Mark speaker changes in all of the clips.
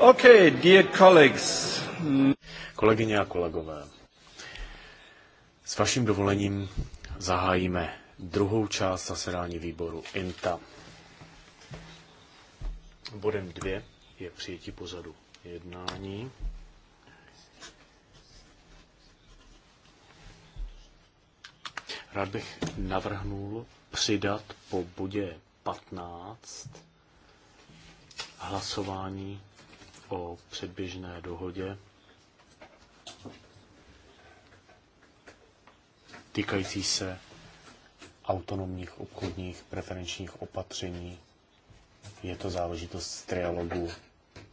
Speaker 1: Okay, dear colleagues. Kolegyně a kolegové, s vaším dovolením zahájíme druhou část zasedání výboru INTA. Bodem dvě je přijetí pozadu jednání. Rád bych navrhnul přidat po bodě 15 hlasování o předběžné dohodě týkající se autonomních obchodních preferenčních opatření. Je to záležitost z trialogu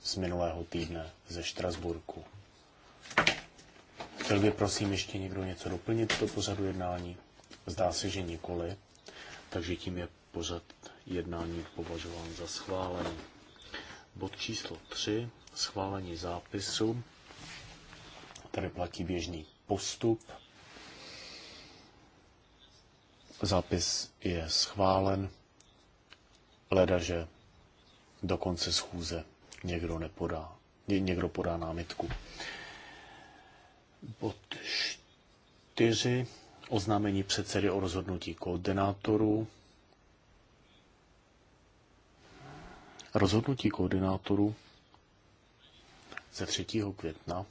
Speaker 1: z minulého týdne ze Štrasburku. Chtěl by prosím ještě někdo něco doplnit do pořadu jednání? Zdá se, že nikoli, takže tím je pořad jednání považován za schválený. Bod číslo 3, schválení zápisu. Tady platí běžný postup. Zápis je schválen, ledaže do konce schůze někdo nepodá, někdo podá námitku. Bod 4. Oznámení předsedy o rozhodnutí koordinátorů. Rozhodnutí koordinátorů ze 3. května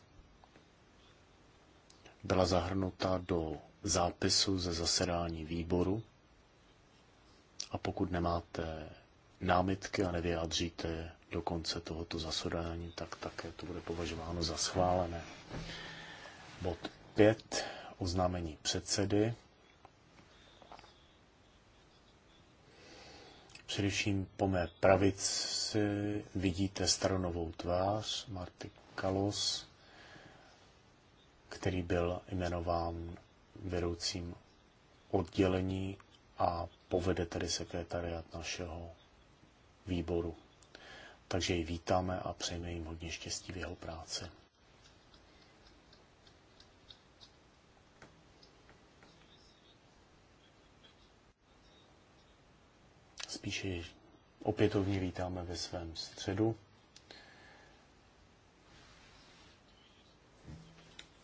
Speaker 1: byla zahrnuta do zápisu ze zasedání výboru a pokud nemáte námitky a nevyjádříte do konce tohoto zasedání, tak také to bude považováno za schválené. Bod 5. Oznámení předsedy. Především po mé pravici vidíte staronovou tvář Marty Kalos, který byl jmenován vedoucím oddělení a povede tedy sekretariat našeho výboru. Takže ji vítáme a přejeme jim hodně štěstí v jeho práci. spíše opětovně vítáme ve svém středu.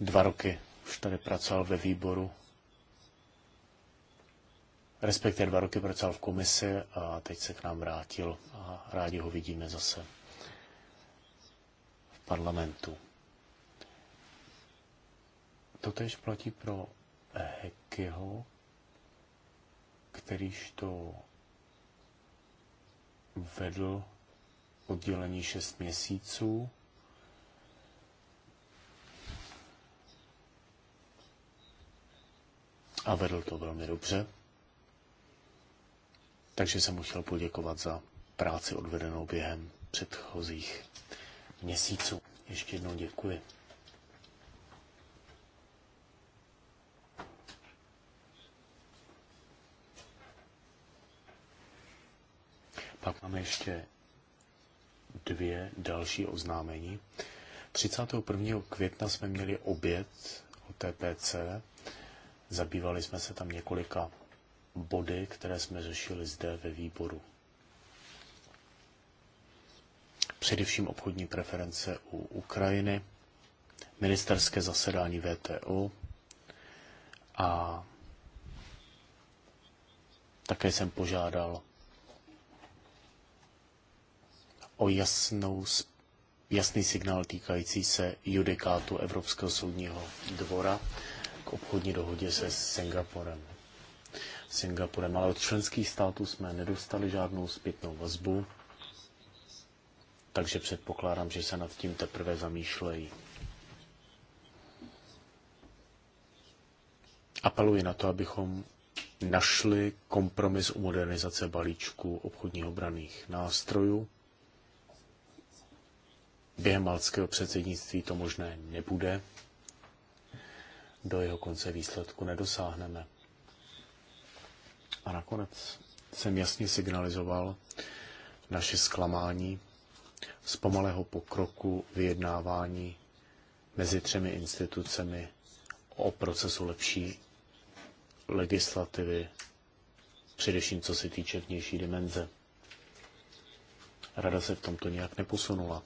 Speaker 1: Dva roky už tady pracoval ve výboru, respektive dva roky pracoval v komisi a teď se k nám vrátil a rádi ho vidíme zase v parlamentu. Totež platí pro Hekyho, kterýž to vedl oddělení 6 měsíců. A vedl to velmi dobře. Takže jsem mu chtěl poděkovat za práci odvedenou během předchozích měsíců. Ještě jednou děkuji. Pak máme ještě dvě další oznámení. 31. května jsme měli oběd o TPC. Zabývali jsme se tam několika body, které jsme řešili zde ve výboru. Především obchodní preference u Ukrajiny, ministerské zasedání VTO a také jsem požádal o jasnou, jasný signál týkající se judikátu Evropského soudního dvora k obchodní dohodě se Singapurem. Singapurem, ale od členských států jsme nedostali žádnou zpětnou vazbu, takže předpokládám, že se nad tím teprve zamýšlejí. Apeluji na to, abychom našli kompromis u modernizace balíčku obchodních obraných nástrojů. Během malckého předsednictví to možné nebude. Do jeho konce výsledku nedosáhneme. A nakonec jsem jasně signalizoval naše zklamání z pomalého pokroku vyjednávání mezi třemi institucemi o procesu lepší legislativy, především co se týče vnější dimenze. Rada se v tomto nějak neposunula.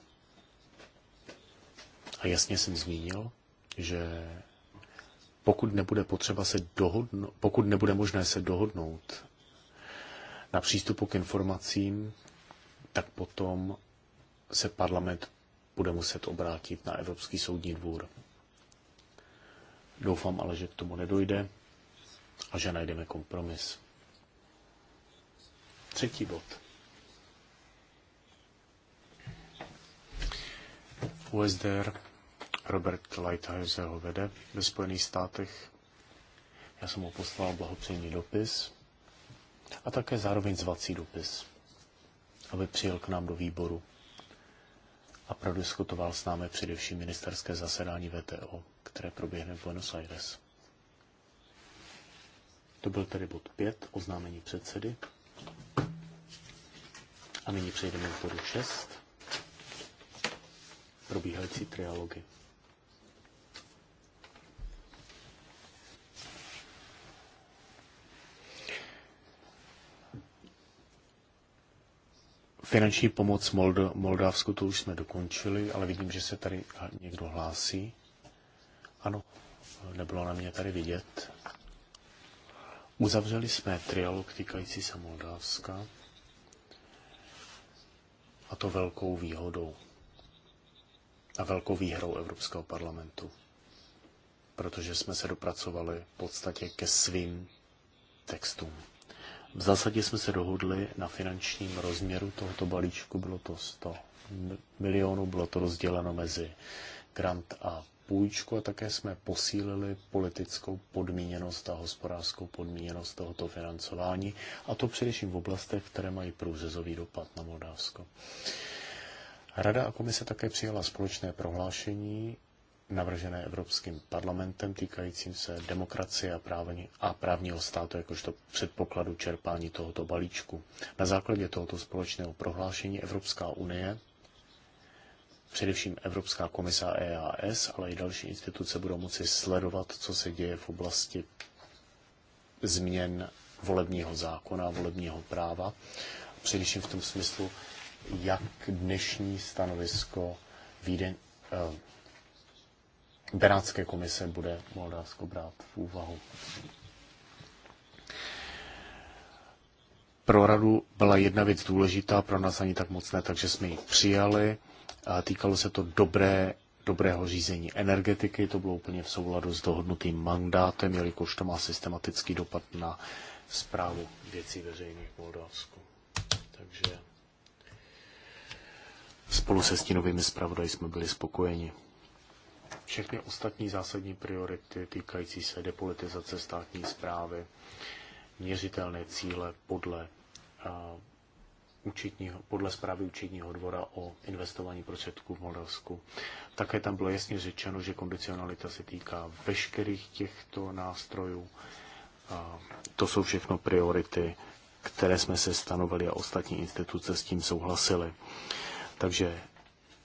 Speaker 1: A jasně jsem zmínil, že pokud nebude potřeba se dohodnout, pokud nebude možné se dohodnout na přístupu k informacím, tak potom se parlament bude muset obrátit na Evropský soudní dvůr. Doufám ale, že k tomu nedojde a že najdeme kompromis. Třetí bod. USDR Robert Lighthizer ho vede ve Spojených státech. Já jsem mu poslal blahopřejný dopis a také zároveň zvací dopis, aby přijel k nám do výboru a prodiskutoval s námi především ministerské zasedání VTO, které proběhne v Buenos Aires. To byl tedy bod 5, oznámení předsedy. A nyní přejdeme k bodu 6, probíhající trialogy. Finanční pomoc Moldo, Moldavsku, to už jsme dokončili, ale vidím, že se tady někdo hlásí. Ano, nebylo na mě tady vidět. Uzavřeli jsme trialog týkající se Moldavska a to velkou výhodou a velkou výhrou Evropského parlamentu, protože jsme se dopracovali v podstatě ke svým textům. V zásadě jsme se dohodli na finančním rozměru tohoto balíčku, bylo to 100 milionů, bylo to rozděleno mezi grant a půjčku a také jsme posílili politickou podmíněnost a hospodářskou podmíněnost tohoto financování, a to především v oblastech, které mají průřezový dopad na Moldávsko. Rada a komise také přijala společné prohlášení, navržené Evropským parlamentem týkajícím se demokracie a, právní, a právního státu jakožto předpokladu čerpání tohoto balíčku. Na základě tohoto společného prohlášení Evropská unie, především Evropská komisa EAS, ale i další instituce budou moci sledovat, co se děje v oblasti změn volebního zákona a volebního práva, především v tom smyslu, jak dnešní stanovisko Vídeň, eh, Benátské komise bude Moldavsko brát v úvahu. Pro radu byla jedna věc důležitá, pro nás ani tak moc ne, takže jsme ji přijali. A týkalo se to dobré, dobrého řízení energetiky, to bylo úplně v souladu s dohodnutým mandátem, jelikož to má systematický dopad na zprávu věcí veřejných v Moldavsku. Takže spolu se stínovými zpravodaji jsme byli spokojeni všechny ostatní zásadní priority týkající se depolitizace státní zprávy, měřitelné cíle podle, uh, podle zprávy účetního dvora o investování prostředků v Moldavsku. Také tam bylo jasně řečeno, že kondicionalita se týká veškerých těchto nástrojů. Uh, to jsou všechno priority, které jsme se stanovili a ostatní instituce s tím souhlasily. Takže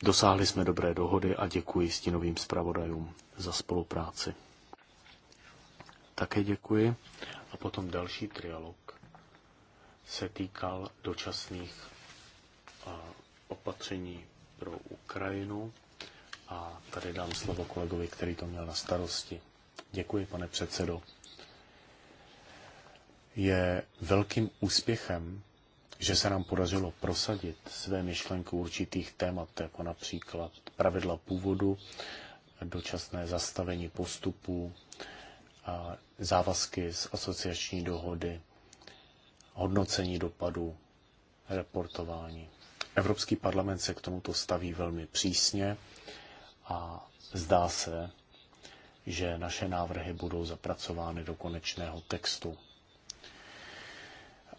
Speaker 1: Dosáhli jsme dobré dohody a děkuji stínovým zpravodajům za spolupráci. Také děkuji. A potom další trialog se týkal dočasných opatření pro Ukrajinu. A tady dám slovo kolegovi, který to měl na starosti. Děkuji, pane předsedo. Je velkým úspěchem že se nám podařilo prosadit své myšlenky určitých témat, jako například pravidla původu, dočasné zastavení postupů, a závazky z asociační dohody, hodnocení dopadů, reportování. Evropský parlament se k tomuto staví velmi přísně a zdá se, že naše návrhy budou zapracovány do konečného textu.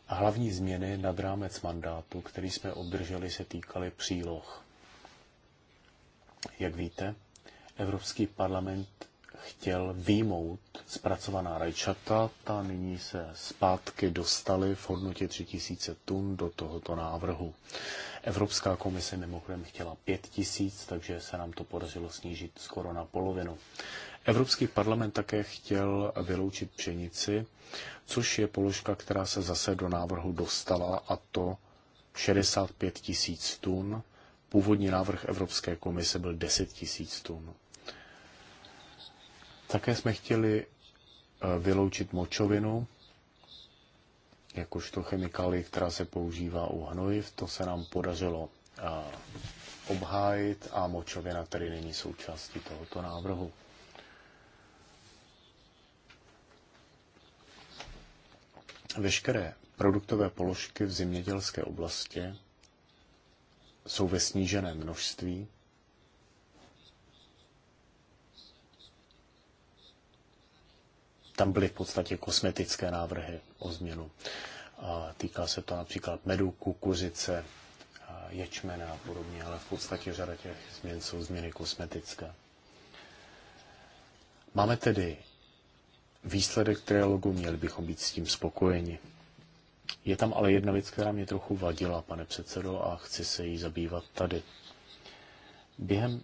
Speaker 1: Hlavní změny nad rámec mandátu, který jsme obdrželi, se týkaly příloh. Jak víte, Evropský parlament chtěl výmout zpracovaná rajčata, ta nyní se zpátky dostaly v hodnotě 3000 tun do tohoto návrhu. Evropská komise mimochodem chtěla 5000, takže se nám to podařilo snížit skoro na polovinu. Evropský parlament také chtěl vyloučit pšenici, což je položka, která se zase do návrhu dostala, a to 65 tisíc tun. Původní návrh Evropské komise byl 10 tisíc tun. Také jsme chtěli eh, vyloučit močovinu, jakožto chemikálii, která se používá u hnojiv. To se nám podařilo eh, obhájit a močovina tedy není součástí tohoto návrhu. Veškeré produktové položky v zemědělské oblasti jsou ve snížené množství. Tam byly v podstatě kosmetické návrhy o změnu. týká se to například medu, kukuřice, ječmene a podobně, ale v podstatě řada těch změn jsou změny kosmetické. Máme tedy výsledek trialogu, měli bychom být s tím spokojeni. Je tam ale jedna věc, která mě trochu vadila, pane předsedo, a chci se jí zabývat tady. Během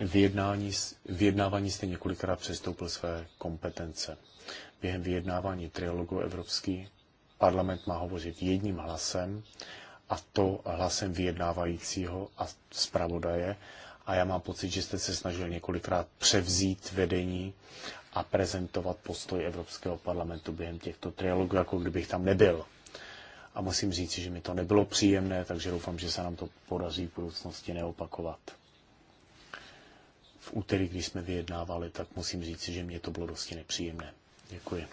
Speaker 1: vyjednání, vyjednávání jste několikrát přestoupil své kompetence. Během vyjednávání trialogu Evropský parlament má hovořit jedním hlasem, a to hlasem vyjednávajícího a zpravodaje, a já mám pocit, že jste se snažil několikrát převzít vedení a prezentovat postoj Evropského parlamentu během těchto trialogů, jako kdybych tam nebyl. A musím říct, že mi to nebylo příjemné, takže doufám, že se nám to podaří v budoucnosti neopakovat. V úterý, když jsme vyjednávali, tak musím říct, že mě to bylo dosti nepříjemné. Děkuji.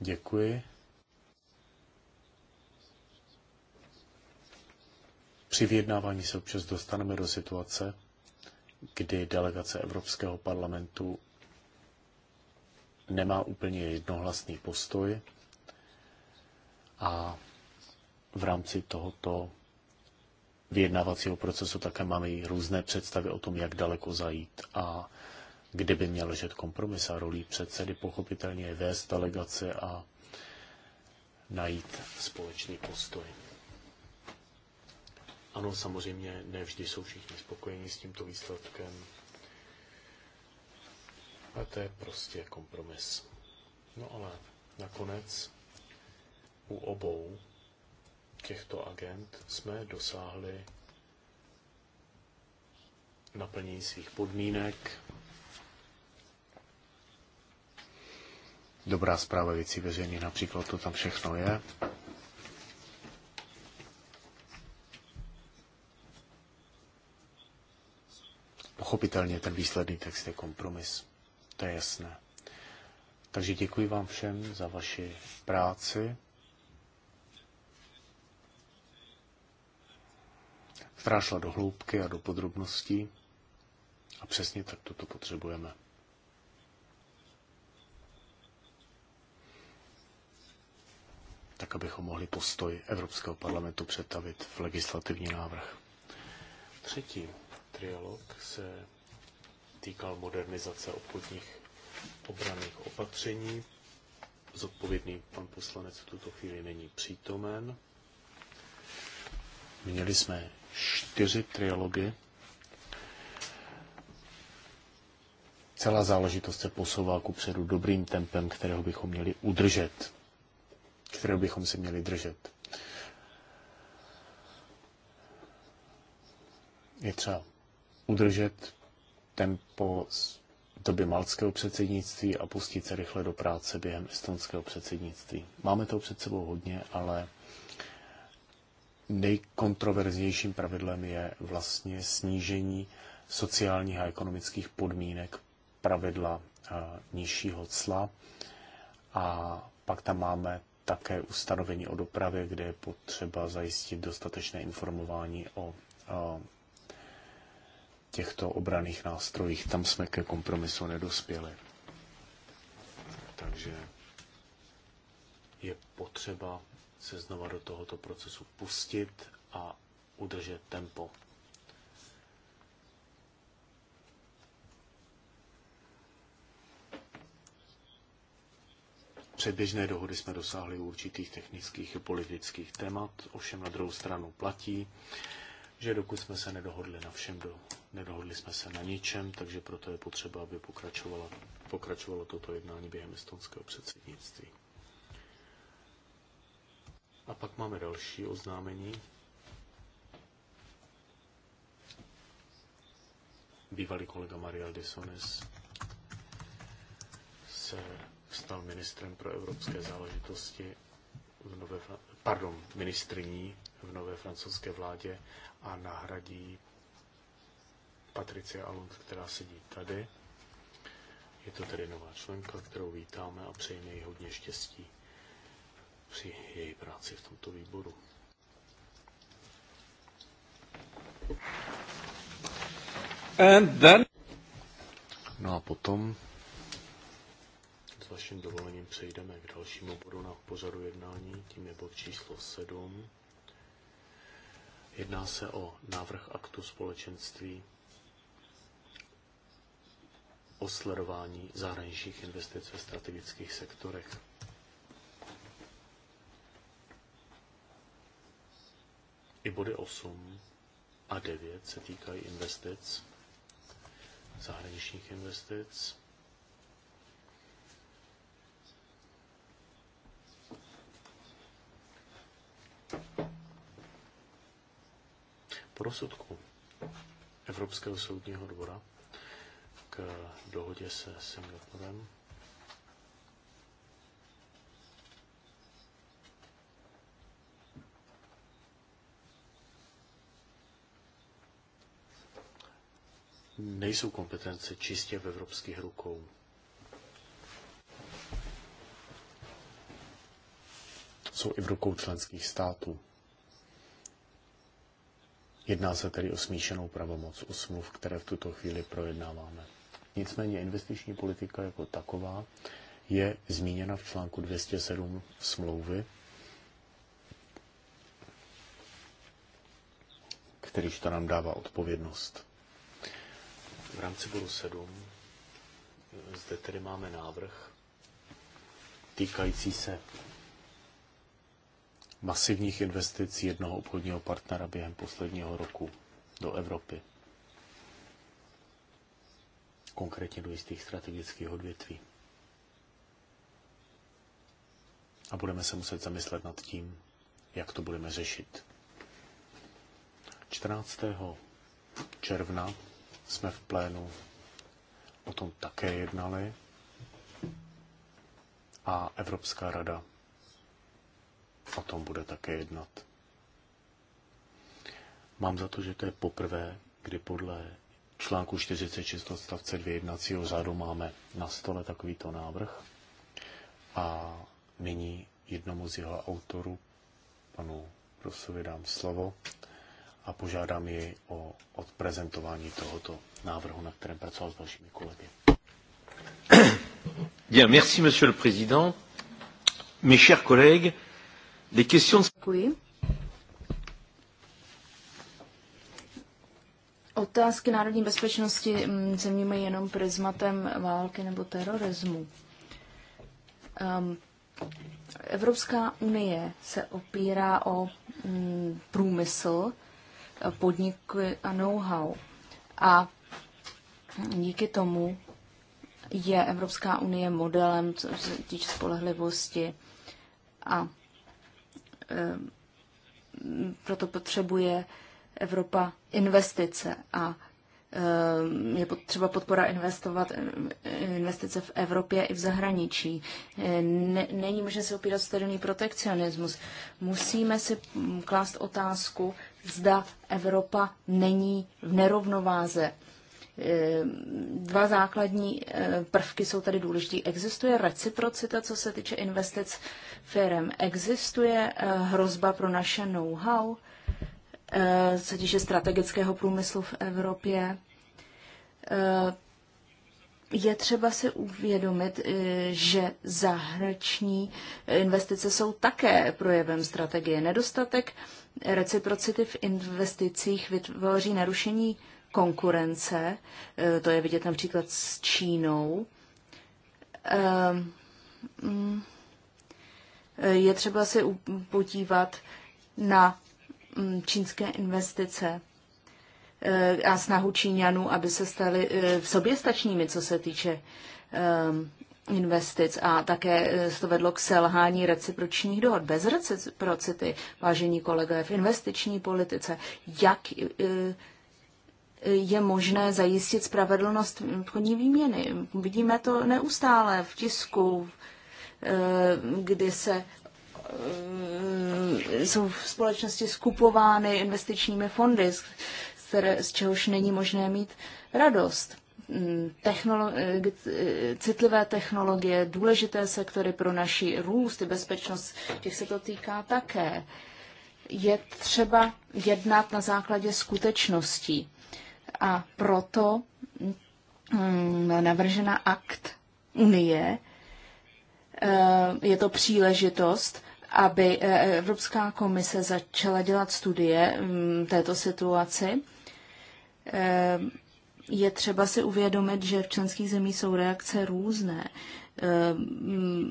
Speaker 1: Děkuji. Při vyjednávání se občas dostaneme do situace, kdy delegace Evropského parlamentu nemá úplně jednohlasný postoj a v rámci tohoto vyjednávacího procesu také máme i různé představy o tom, jak daleko zajít a kde by měl ležet kompromis a rolí předsedy pochopitelně je vést delegace a najít společný postoj. Ano, samozřejmě ne vždy jsou všichni spokojeni s tímto výsledkem. A to je prostě kompromis. No ale nakonec u obou těchto agent jsme dosáhli naplnění svých podmínek. Dobrá zpráva věcí veřejných, například to tam všechno je. Pochopitelně ten výsledný text je kompromis. To je jasné. Takže děkuji vám všem za vaši práci. která šla do hloubky a do podrobností. A přesně tak toto potřebujeme. Tak, abychom mohli postoj Evropského parlamentu přetavit v legislativní návrh. Třetí trialog se týkal modernizace obchodních obraných opatření. Zodpovědný pan poslanec v tuto chvíli není přítomen. Měli jsme čtyři trialogy. Celá záležitost se posouvá ku předu dobrým tempem, kterého bychom měli udržet, kterého bychom si měli držet. Je třeba udržet tempo z doby malckého předsednictví a pustit se rychle do práce během estonského předsednictví. Máme toho před sebou hodně, ale nejkontroverznějším pravidlem je vlastně snížení sociálních a ekonomických podmínek pravidla eh, nižšího cla. A pak tam máme také ustanovení o dopravě, kde je potřeba zajistit dostatečné informování o eh, těchto obraných nástrojích. Tam jsme ke kompromisu nedospěli. Takže je potřeba se znova do tohoto procesu pustit a udržet tempo. Předběžné dohody jsme dosáhli určitých technických i politických témat, ovšem na druhou stranu platí, že dokud jsme se nedohodli na všem, do, nedohodli jsme se na ničem, takže proto je potřeba, aby pokračovalo, pokračovalo toto jednání během estonského předsednictví. A pak máme další oznámení. Bývalý kolega Mariel Disones se stal ministrem pro evropské záležitosti v nové, pardon, ministriní v nové francouzské vládě a nahradí Patricia Alund, která sedí tady. Je to tedy nová členka, kterou vítáme a přejeme jí hodně štěstí při její práci v tomto výboru. And then... No a potom s vaším dovolením přejdeme k dalšímu bodu na pořadu jednání, tím je bod číslo 7. Jedná se o návrh aktu společenství o sledování zahraničních investic ve strategických sektorech. I body 8 a 9 se týkají investic, zahraničních investic. Prosudku Evropského soudního dvora k dohodě se Singapurem nejsou kompetence čistě v evropských rukou. Jsou i v rukou členských států. Jedná se tedy o smíšenou pravomoc u smluv, které v tuto chvíli projednáváme. Nicméně investiční politika jako taková je zmíněna v článku 207 smlouvy, kterýž to nám dává odpovědnost. V rámci bodu 7 zde tedy máme návrh týkající se masivních investic jednoho obchodního partnera během posledního roku do Evropy. Konkrétně do jistých strategických odvětví. A budeme se muset zamyslet nad tím, jak to budeme řešit. 14. června jsme v plénu o tom také jednali a Evropská rada o tom bude také jednat. Mám za to, že to je poprvé, kdy podle článku 46 odstavce 2 jednacího řádu máme na stole takovýto návrh a nyní jednomu z jeho autorů, panu Rusovi, dám slovo a požádám jej o odprezentování tohoto návrhu, na kterém pracoval s dalšími kolegy. Bien, merci, monsieur le président. Mes chers collègues, Děkuji.
Speaker 2: Otázky národní bezpečnosti mm, se vnímají jenom prismatem války nebo terorismu. Um, Evropská unie se opírá o mm, průmysl, podnik a know-how. A díky tomu je Evropská unie modelem, co se týče spolehlivosti a Eh, proto potřebuje Evropa investice a eh, je potřeba podpora investovat eh, investice v Evropě i v zahraničí. Není možné se opírat sterilní protekcionismus. Musíme si klást otázku, zda Evropa není v nerovnováze. Dva základní prvky jsou tady důležité. Existuje reciprocita, co se týče investic firm. Existuje eh, hrozba pro naše know-how, co eh, týče strategického průmyslu v Evropě. Eh, je třeba si uvědomit, že zahraniční investice jsou také projevem strategie. Nedostatek reciprocity v investicích vytvoří narušení konkurence, to je vidět například s Čínou. Mm, je třeba se podívat na mm, čínské investice eh, a snahu Číňanů, aby se stali eh, soběstačními, co se týče ehm, investic a také eh, to vedlo k selhání recipročních dohod. Bez reciprocity, vážení kolegové, v investiční politice, jak je možné zajistit spravedlnost obchodní výměny. Vidíme to neustále v tisku, Eh, kdy se eh, jsou v společnosti skupovány investičními fondy, z, které, z čehož není možné mít radost. Mm, technolo- eh, citlivé technologie, důležité sektory pro naši růst i bezpečnost, těch se to týká také. Je třeba jednat na základě skutečností. A proto mm, navržena akt Unie, Eh, je to příležitost, aby eh, Evropská komise začala dělat studie mm, této situaci. Eh, je třeba si uvědomit, že v členských zemích jsou reakce různé. Mm,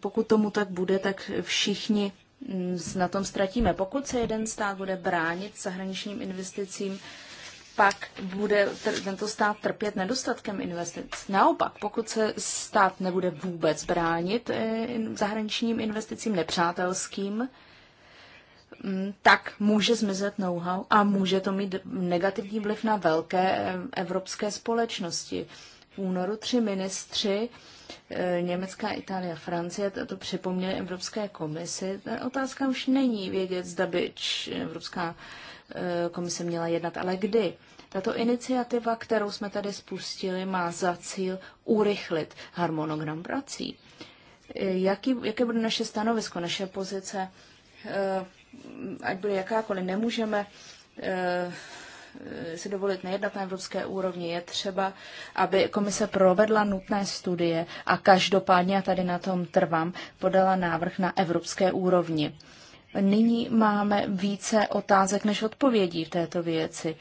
Speaker 2: pokud tomu tak bude, tak všichni mm, na tom ztratíme. Pokud se jeden stát bude bránit zahraničním investicím, pak bude tento stát trpět nedostatkem investic. Naopak, pokud se stát nebude vůbec bránit eh, zahraničním investicím nepřátelským, mm, tak může zmizet know-how a může to mít negativní vliv na velké eh, evropské společnosti. V únoru tři ministři eh, Německá, Itálie, Francie to připomněli Evropské komisi. Ta otázka už není vědět, zda by Evropská komise měla jednat, ale kdy. Tato iniciativa, kterou jsme tady spustili, má za cíl urychlit harmonogram prací. Jaký, jaké bude naše stanovisko, naše pozice, eh, ať bude jakákoliv, nemůžeme eh, si dovolit nejednat na evropské úrovni. Je třeba, aby komise provedla nutné studie a každopádně, a tady na tom trvám, podala návrh na evropské úrovni. Nyní máme více otázek než odpovědí v této věci.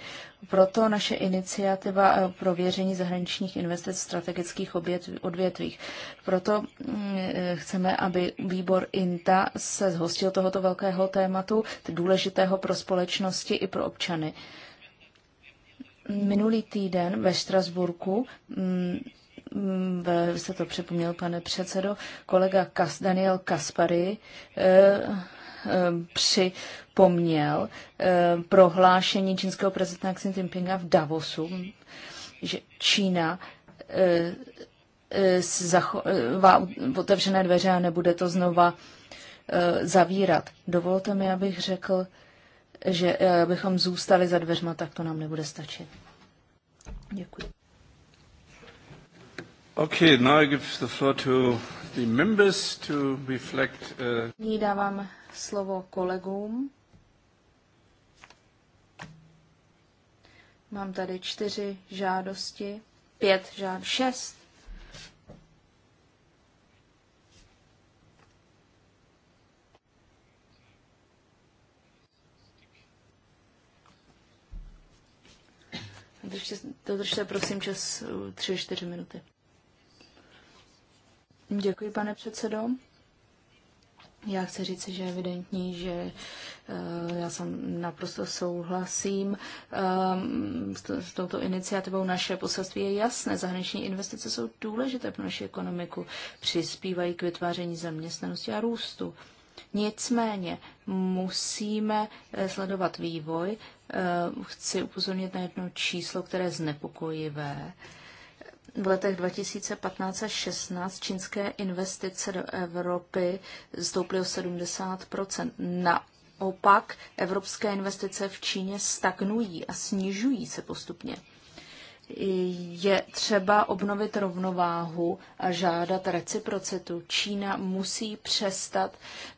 Speaker 2: Proto naše iniciativa eh, pro věření zahraničních investic v strategických odvětvích. Proto mm, eh, chceme, aby výbor INTA se zhostil tohoto velkého tématu, důležitého pro společnosti i pro občany. Minulý týden ve Štrasburku mm, se to připomněl, pane předsedo, kolega Daniel Kaspary eh, Eh, připomněl eh, prohlášení čínského prezidenta Xi Jinpinga v Davosu, že Čína eh, zachová otevřené dveře a nebude to znova zavírat. Dovolte mi, abych řekl, že bychom zůstali za dveřma, tak to nám nebude stačit. Děkuji. Okay, now I give the floor to the members to reflect. Uh... dávám slovo kolegům. Mám tady čtyři žádosti, pět žád, šest. dodržte prosím čas 3-4 eh, minuty. Děkuji, pane předsedo. Já chci říct, že je evidentní, že eh, já jsem naprosto souhlasím eh, s touto iniciativou. Naše poselství je jasné. Zahraniční investice jsou důležité pro naši ekonomiku, přispívají k vytváření zaměstnanosti a růstu. Nicméně musíme eh, sledovat vývoj. Chci upozornit na jedno číslo, které je znepokojivé v letech 2015 a 16 čínské investice do Evropy stouply o 70 Naopak evropské investice v Číně stagnují a snižují se postupně je třeba obnovit rovnováhu a žádat reciprocitu. Čína musí přestat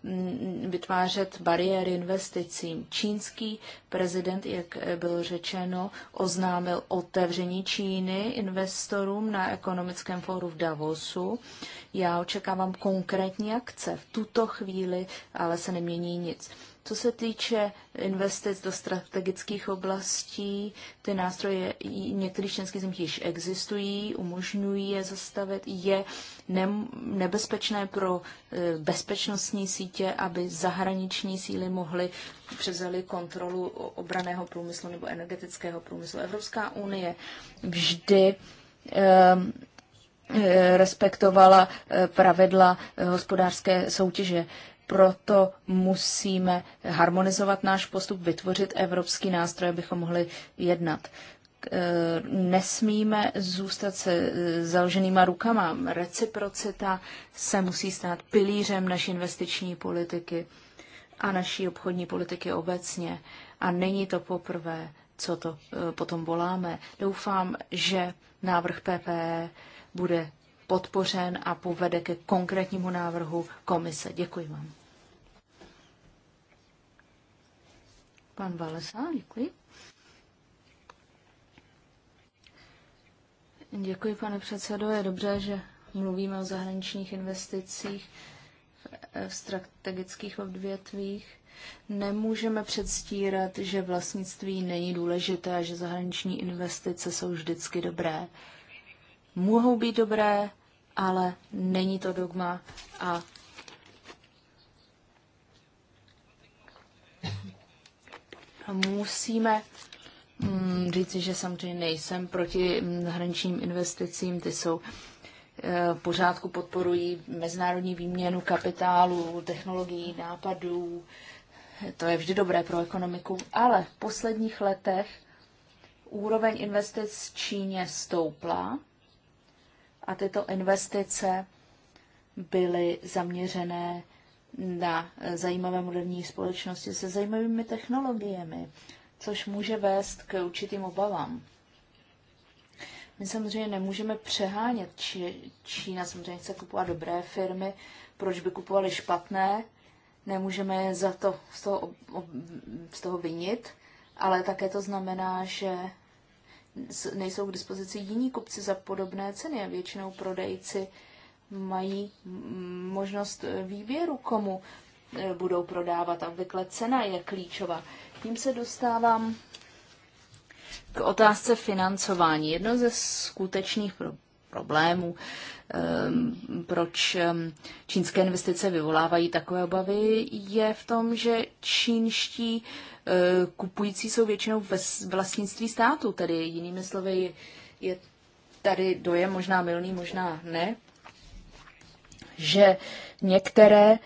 Speaker 2: mm, vytvářet bariéry investicím. Čínský prezident, jak eh, bylo řečeno, oznámil otevření Číny investorům na ekonomickém fóru v Davosu. Já očekávám konkrétní akce. V tuto chvíli ale se nemění nic. Co se týče investic do strategických oblastí, ty nástroje některých členských zemí již existují, umožňují je zastavit. Je nebezpečné pro e, bezpečnostní sítě, aby zahraniční síly mohly převzaly kontrolu obraného průmyslu nebo energetického průmyslu. Evropská unie vždy um, respektovala e, pravidla hospodářské soutěže proto musíme harmonizovat náš postup, vytvořit evropský nástroj, abychom mohli jednat. E, nesmíme zůstat se e, založenýma rukama. Reciprocita se musí stát pilířem naší investiční politiky a naší obchodní politiky obecně. A není to poprvé, co to e, potom voláme. Doufám, že návrh PPE bude podpořen a povede ke konkrétnímu návrhu komise. Děkuji vám. Pan Valesa, děkuji. Děkuji, pane předsedo. Je dobře, že mluvíme o zahraničních investicích v strategických odvětvích. Nemůžeme předstírat, že vlastnictví není důležité a že zahraniční investice jsou vždycky dobré. Mohou být dobré, ale není to dogma a musíme mm, říci, že samozřejmě nejsem proti zahraničním investicím, ty jsou eh, v pořádku podporují mezinárodní výměnu kapitálu, technologií, nápadů. To je vždy dobré pro ekonomiku, ale v posledních letech úroveň investic v Číně stoupla a tyto investice byly zaměřené na zajímavé moderní společnosti se zajímavými technologiemi, což může vést k určitým obavám. My samozřejmě nemůžeme přehánět. Či, Čína samozřejmě chce kupovat dobré firmy, proč by kupovali špatné, nemůžeme je za to z toho, z toho vinit, ale také to znamená, že nejsou k dispozici jiní kupci za podobné ceny a většinou prodejci mají možnost e, výběru, komu e, budou prodávat. A obvykle cena je klíčová. Tím se dostávám k otázce financování. Jedno ze skutečných problémů, proč čínské investice vyvolávají takové obavy, je v tom, že čínští Eh, kupující jsou většinou ve vlastnictví státu, tedy jinými slovy je tady dojem možná milný, možná ne, že některé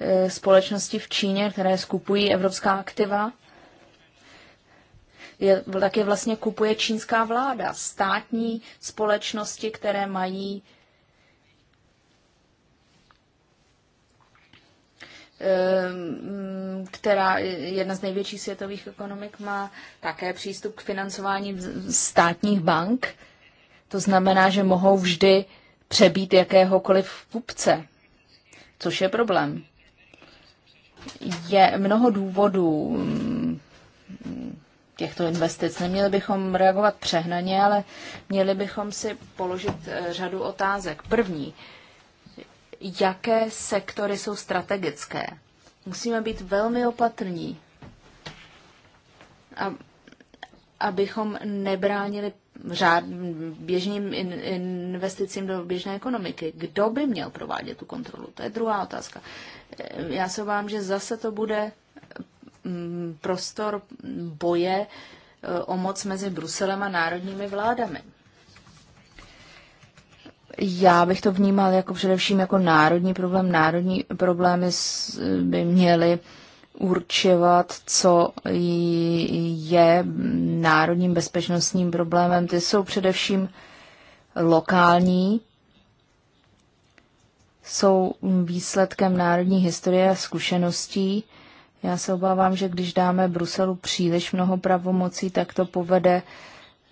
Speaker 2: eh, společnosti v Číně, které skupují evropská aktiva, je, tak je vlastně kupuje čínská vláda. Státní společnosti, které mají Ehm, mm, která jedna z největších světových ekonomik má také přístup k financování státních bank. To znamená, že mohou vždy přebít jakéhokoliv kupce, což je problém. Je mnoho důvodů mm, těchto investic. Neměli bychom reagovat přehnaně, ale měli bychom si položit eh, řadu otázek. První, jaké sektory jsou strategické. Musíme být velmi opatrní, abychom nebránili řád, běžným investicím do běžné ekonomiky. Kdo by měl provádět tu kontrolu? To je druhá otázka. Já se obávám, že zase to bude mm, prostor boje e, o moc mezi Bruselem a národními vládami. Já bych to vnímal jako především jako národní problém. Národní problémy by měly určovat, co je národním bezpečnostním problémem. Ty jsou především lokální, jsou výsledkem národní historie a zkušeností. Já se obávám, že když dáme Bruselu příliš mnoho pravomocí, tak to povede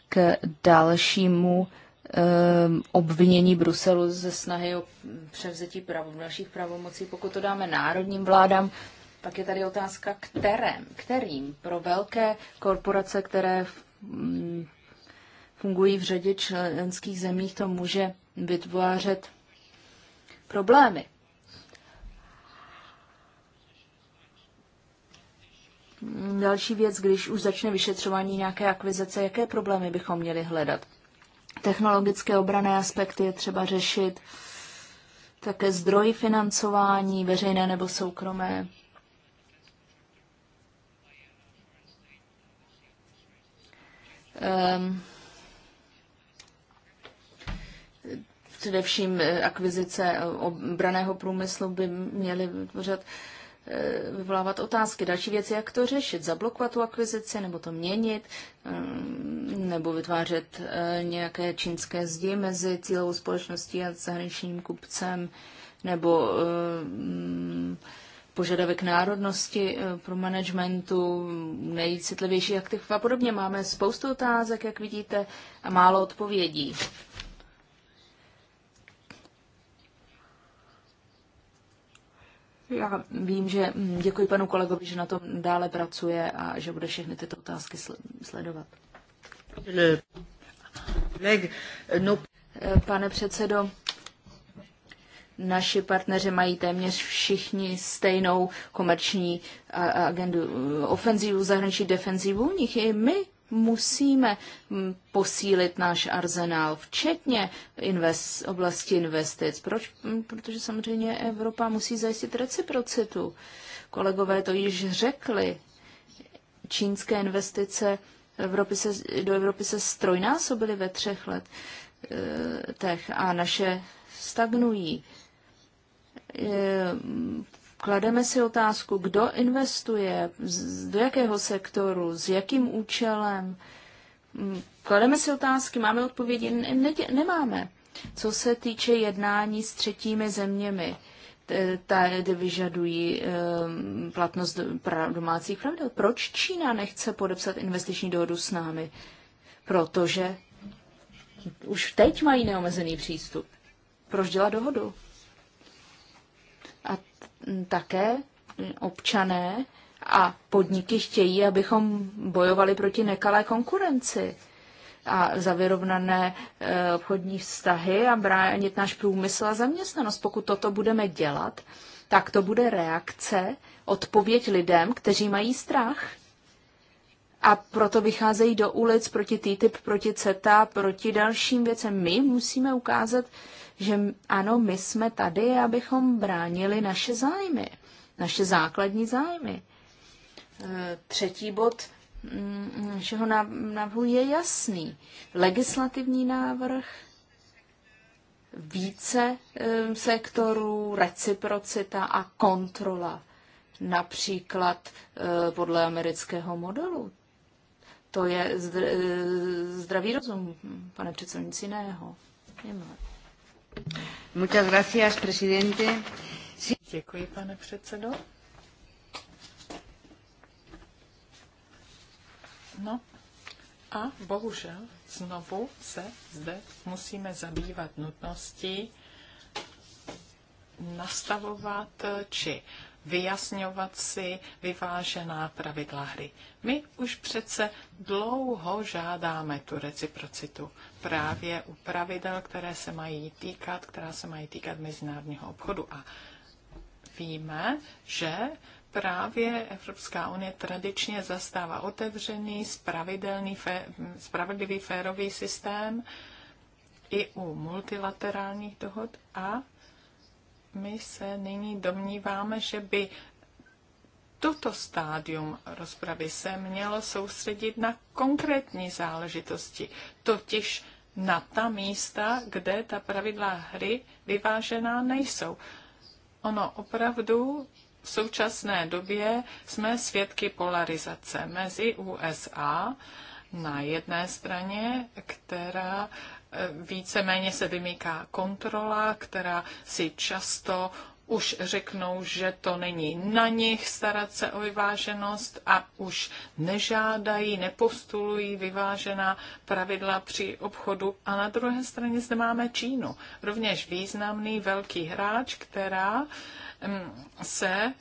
Speaker 2: k dalšímu Ehm, obvinění Bruselu ze snahy o převzetí prav, dalších pravomocí. Pokud to dáme národním vládám, pak je tady otázka, kterém, kterým pro velké korporace, které mm, fungují v řadě členských zemích, to může vytvářet problémy. Další věc, když už začne vyšetřování nějaké akvizice, jaké problémy bychom měli hledat? Technologické obrané aspekty je třeba řešit, také zdroj financování, veřejné nebo soukromé. Um, především eh, akvizice eh, obraného průmyslu by měly vytvořit Eh, vyvolávat otázky. Další věc je, jak to řešit. Zablokovat tu akvizici, nebo to měnit, eh, nebo vytvářet eh, nějaké čínské zdi mezi cílovou společností a zahraničním kupcem, nebo požadavek národnosti pro managementu, nejcitlivější aktiv a podobně. Máme spoustu otázek, jak vidíte, a málo odpovědí. Já vím, že mm, děkuji panu kolegovi, že na tom dále pracuje a že bude všechny tyto otázky sledovat. Eh, pane předsedo, naši partneři mají téměř všichni stejnou komerční agendu, eh, ofenzivu, zahraniční defenzivu, u nich i my musíme mm, posílit náš arzenál, včetně invest, oblasti investic. Proč? Mm, protože samozřejmě Evropa musí zajistit reciprocitu. Kolegové to již řekli. Čínské investice Evropy se, do Evropy se strojnásobily ve třech letech eh, a naše stagnují. Eh, Klademe si otázku, kdo investuje, do jakého sektoru, s jakým účelem. Mm, klademe si otázky, máme odpovědi, ne, ne, nemáme. Co se týče jednání s třetími zeměmi, ta vyžadují ehm, platnost domácích pravidel. Proč Čína nechce podepsat investiční dohodu s námi? Protože už teď mají neomezený přístup. Proč dělat dohodu? A také občané a podniky chtějí, abychom bojovali proti nekalé konkurenci a za vyrovnané e, obchodní vztahy a bránit náš průmysl a zaměstnanost. Pokud toto budeme dělat, tak to bude reakce, odpověď lidem, kteří mají strach. A proto vycházejí do ulic proti TTIP, proti CETA, proti dalším věcem. My musíme ukázat že ano, my jsme tady, abychom bránili naše zájmy, naše základní zájmy. E, třetí bod mm, našeho návrhu je jasný. Legislativní návrh, více e, sektorů, reciprocita a kontrola. Například e, podle amerického modelu. To je zdravý rozum, pane předsednici, jiného. Nemáte. Děkuji, pane předsedo.
Speaker 3: No a bohužel znovu se zde musíme zabývat nutností nastavovat či vyjasňovat si vyvážená pravidla hry. My už přece dlouho žádáme tu reciprocitu právě u pravidel, které se mají týkat, která se mají týkat mezinárodního obchodu. A víme, že právě Evropská unie tradičně zastává otevřený, spravedlivý, fé, spravedlivý férový systém i u multilaterálních dohod a my se nyní domníváme, že by toto stádium rozpravy se mělo soustředit na konkrétní záležitosti, totiž na ta místa, kde ta pravidla hry vyvážená nejsou. Ono opravdu v současné době jsme svědky polarizace mezi USA, na jedné straně, která eh, víceméně se vymýká kontrola, která si často už řeknou, že to není na nich starat se o vyváženost a už nežádají, nepostulují vyvážená pravidla při obchodu. A na druhé straně zde máme Čínu, rovněž významný velký hráč, která mm, se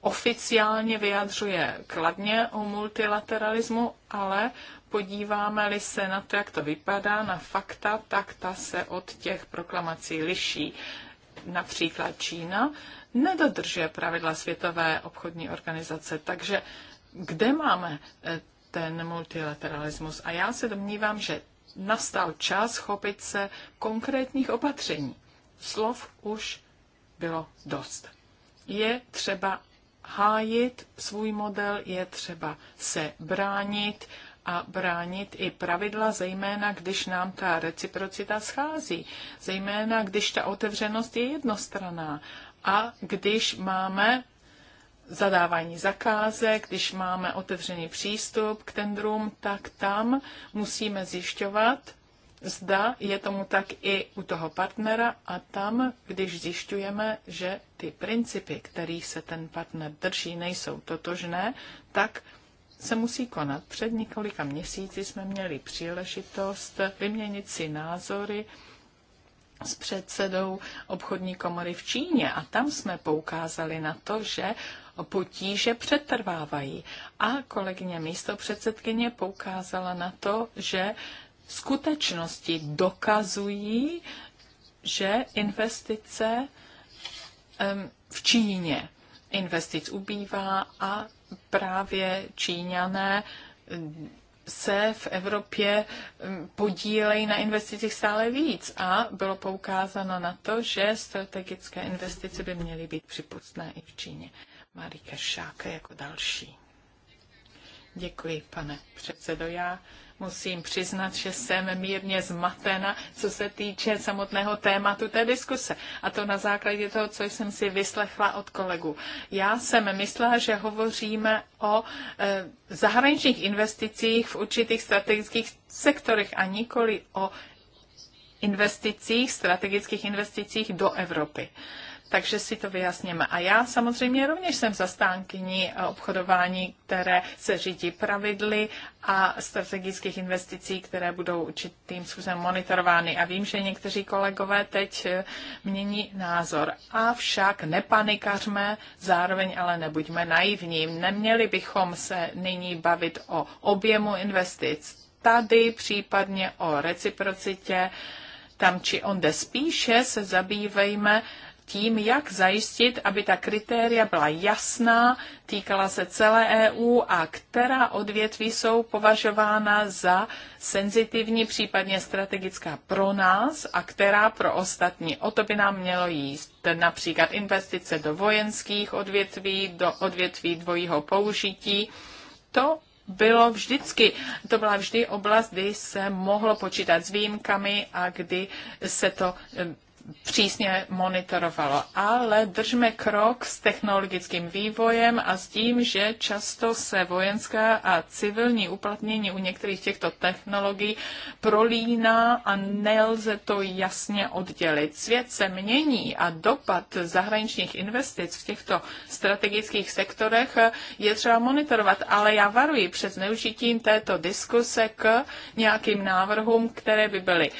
Speaker 3: oficiálně vyjadřuje kladně o multilateralismu, ale podíváme-li se na to, jak to vypadá, na fakta, tak ta se od těch proklamací liší. Například Čína nedodržuje pravidla Světové obchodní organizace, takže kde máme eh, ten multilateralismus? A já se domnívám, že nastal čas chopit se konkrétních opatření. Slov už bylo dost. Je třeba hájit svůj model, je třeba se bránit a bránit i pravidla, zejména když nám ta reciprocita schází, zejména když ta otevřenost je jednostraná a když máme zadávání zakázek, když máme otevřený přístup k tendrům, tak tam musíme zjišťovat, Zda je tomu tak i u toho partnera a tam, když zjišťujeme, že ty principy, kterých se ten partner drží, nejsou totožné, tak se musí konat. Před několika měsíci jsme měli příležitost vyměnit si názory s předsedou obchodní komory v Číně a tam jsme poukázali na to, že potíže přetrvávají. A kolegyně místo předsedkyně poukázala na to, že skutečnosti dokazují, že investice v Číně investic ubývá a právě Číňané se v Evropě podílejí na investicích stále víc a bylo poukázáno na to, že strategické investice by měly být připustné i v Číně. Marika Šáka jako další. Děkuji, pane předsedo. Já musím přiznat, že jsem mírně zmatena, co se týče samotného tématu té diskuse. A to na základě toho, co jsem si vyslechla od kolegu. Já jsem myslela, že hovoříme o e, zahraničních investicích v určitých strategických sektorech a nikoli o investicích, strategických investicích do Evropy. E, takže si to vyjasněme. A já samozřejmě rovněž jsem zastánkyní obchodování, které se řídí pravidly a strategických investicí, které budou určitým způsobem monitorovány. A vím, že někteří kolegové teď eh, mění názor. Avšak nepanikařme, zároveň ale nebuďme naivní. Neměli bychom se nyní bavit o objemu investic tady, případně o reciprocitě tam či onde. Spíše se zabývejme uh, tím, jak zajistit, aby ta kritéria byla jasná, týkala se celé EU a která odvětví jsou považována za senzitivní, případně strategická pro nás a která pro ostatní. O to by nám mělo jíst například investice do vojenských odvětví, do odvětví dvojího použití. To bylo vždycky, to byla vždy oblast, kdy se mohlo počítat s výjimkami a kdy se to přísně monitorovalo. Ale držme krok s technologickým vývojem a s tím, že často se vojenská a civilní uplatnění u některých těchto technologií prolíná a nelze to jasně oddělit. Svět se mění a dopad zahraničních investic v těchto strategických sektorech je třeba monitorovat, ale já varuji před zneužitím této diskuse k nějakým návrhům, které by byly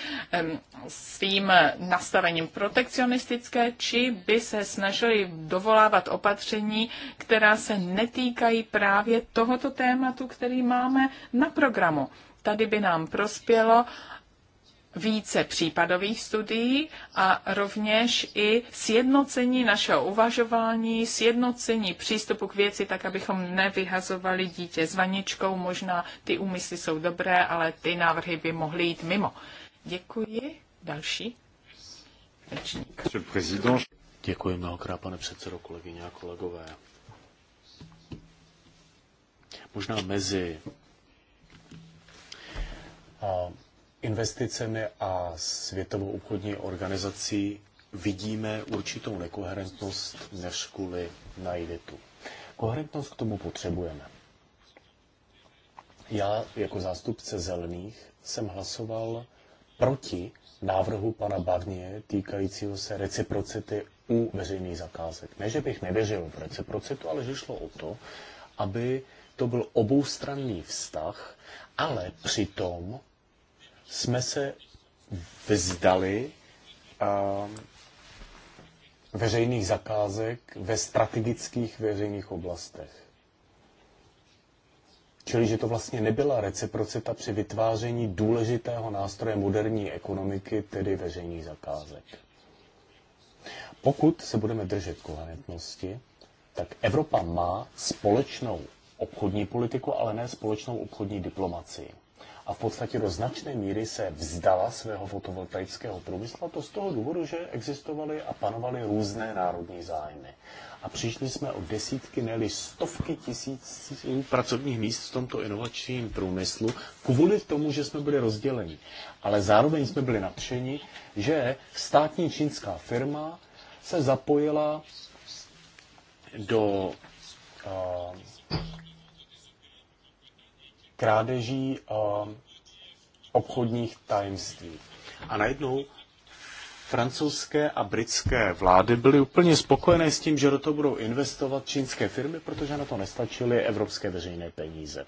Speaker 3: svým nastavením opatřením protekcionistické, či by se snažili dovolávat opatření, která se netýkají právě tohoto tématu, který máme na programu. Tady by nám prospělo více případových studií a rovněž i sjednocení našeho uvažování, sjednocení přístupu k věci, tak abychom nevyhazovali dítě s vaničkou. Možná ty úmysly jsou dobré, ale ty návrhy by mohly jít mimo. Děkuji. Další
Speaker 1: řečník. Děkuji mnohokrát, pane předsedo, kolegyně a kolegové. Možná mezi investicemi a Světovou obchodní organizací vidíme určitou nekoherentnost než kvůli naivitu. Koherentnost k tomu potřebujeme. Já jako zástupce zelených jsem hlasoval proti návrhu pana Barnie týkajícího se reciprocity u veřejných zakázek. Ne, že bych nevěřil v reciprocitu, ale že šlo o to, aby to byl oboustranný vztah, ale přitom jsme se vzdali um, veřejných zakázek ve strategických veřejných oblastech. Čili, že to vlastně nebyla reciprocita při vytváření důležitého nástroje moderní ekonomiky, tedy veřejných zakázek. Pokud se budeme držet koherentnosti, tak Evropa má společnou obchodní politiku, ale ne společnou obchodní diplomacii a v podstatě do značné míry se vzdala svého fotovoltaického průmyslu, to z toho důvodu, že existovaly a panovaly různé národní zájmy. A přišli jsme o desítky, ne stovky tisíc pracovních míst v tomto inovačním průmyslu kvůli tomu, že jsme byli rozděleni. Ale zároveň jsme byli nadšeni, že státní čínská firma se zapojila do uh, krádeží um, obchodních tajemství. A najednou francouzské a britské vlády byly úplně spokojené s tím, že do toho budou investovat čínské firmy, protože na to nestačily evropské veřejné peníze.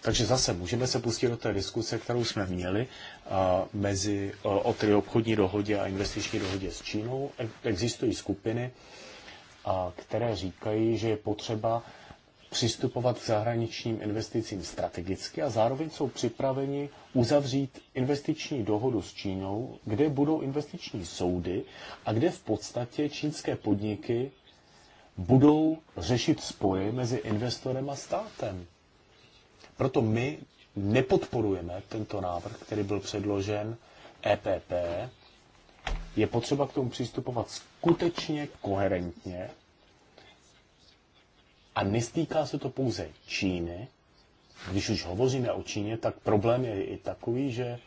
Speaker 1: Takže zase můžeme se pustit do té diskuse, kterou jsme měli a, uh, mezi a, uh, o tedy obchodní dohodě a investiční dohodě s Čínou. E- existují skupiny, a, uh, které říkají, že je potřeba přistupovat k zahraničním investicím strategicky a zároveň jsou připraveni uzavřít investiční dohodu s Čínou, kde budou investiční soudy a kde v podstatě čínské podniky budou řešit spory mezi investorem a státem. Proto my nepodporujeme tento návrh, který byl předložen EPP. Je potřeba k tomu přistupovat skutečně koherentně a nestýká se to pouze Číny. Když už hovoříme o Číně, tak problém je i takový, že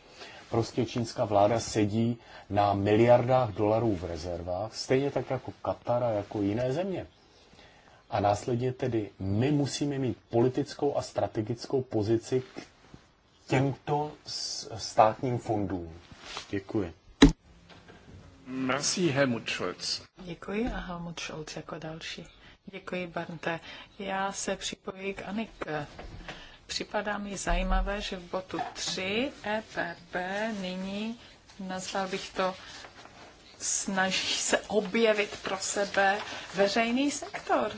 Speaker 1: prostě čínská vláda sedí na miliardách dolarů v rezervách, stejně tak jako Katar a jako jiné země. A následně tedy my musíme mít politickou a strategickou pozici k těmto státním fondům. Děkuji. Merci Helmut Scholz.
Speaker 3: Děkuji a Helmut Scholz jako další. Děkuji, Bernte. Já se připojím, k Anik. Připadá mi zajímavé, že v botu 3 EPP nyní, nazval bych to, snaží se objevit pro sebe veřejný sektor.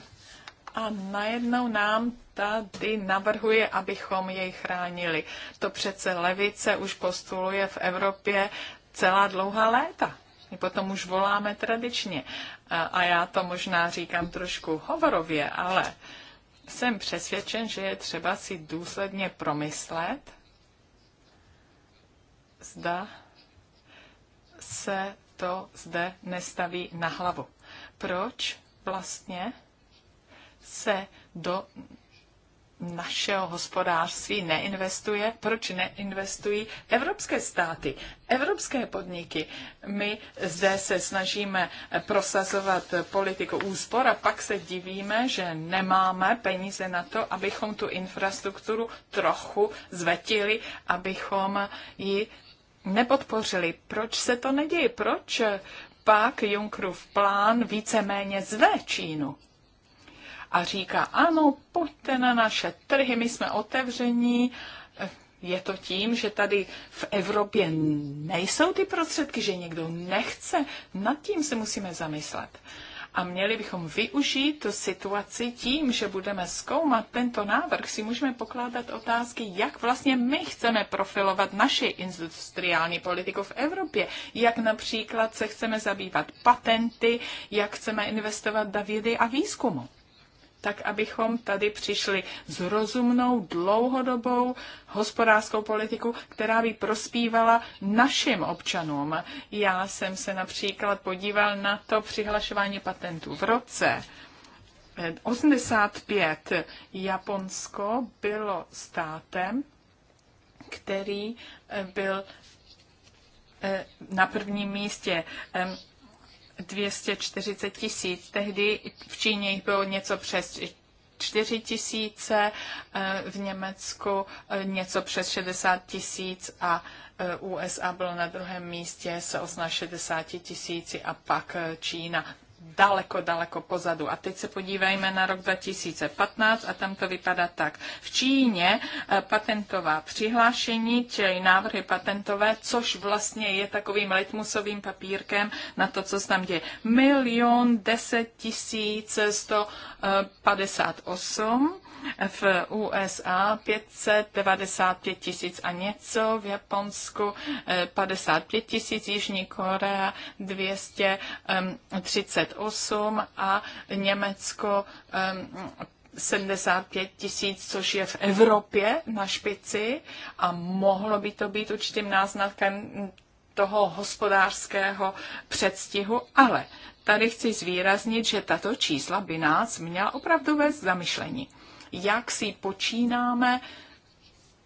Speaker 3: A najednou nám tady navrhuje, abychom jej chránili. To přece levice už postuluje v Evropě celá dlouhá léta. My potom už voláme tradičně a já to možná říkám trošku hovorově, ale jsem přesvědčen, že je třeba si důsledně promyslet, zda se to zde nestaví na hlavu. Proč vlastně se do našeho hospodářství neinvestuje. Proč neinvestují evropské státy, evropské podniky? My zde se snažíme prosazovat politiku úspor a pak se divíme, že nemáme peníze na to, abychom tu infrastrukturu trochu zvetili, abychom ji nepodpořili. Proč se to neděje? Proč pak Junckerův plán víceméně zve Čínu? a říká, ano, pojďte na naše trhy, my jsme otevření, je to tím, že tady v Evropě nejsou ty prostředky, že někdo nechce. Nad tím se musíme zamyslet. A měli bychom využít tu situaci tím, že budeme zkoumat tento návrh, si můžeme pokládat otázky, jak vlastně my chceme profilovat naši industriální politiku v Evropě, jak například se chceme zabývat patenty, jak chceme investovat do vědy a výzkumu tak abychom tady přišli s rozumnou dlouhodobou hospodářskou politiku, která by prospívala našim občanům. Já jsem se například podíval na to přihlašování patentů v roce 85. Eh, Japonsko bylo státem, který eh, byl eh, na prvním místě 240 tisíc. Tehdy v Číně jich bylo něco přes 4 tisíce, eh, v Německu eh, něco přes 60 tisíc a eh, USA bylo na druhém místě se 60 tisíci a pak Čína daleko, daleko pozadu. A teď se podívejme na rok 2015 a tam to vypadá tak. V Číně eh, patentová přihlášení, čili návrhy patentové, což vlastně je takovým letmusovým papírkem na to, co se tam děje. Milion deset tisíc sto eh, padesát osm v USA 595 tisíc a něco, v Japonsku 55 eh, tisíc, Jižní Korea 238 a Německo 75 tisíc, což je v Evropě na špici a mohlo by to být určitým náznakem toho hospodářského předstihu, ale tady chci zvýraznit, že tato čísla by nás měla opravdu vést zamyšlení jak si počínáme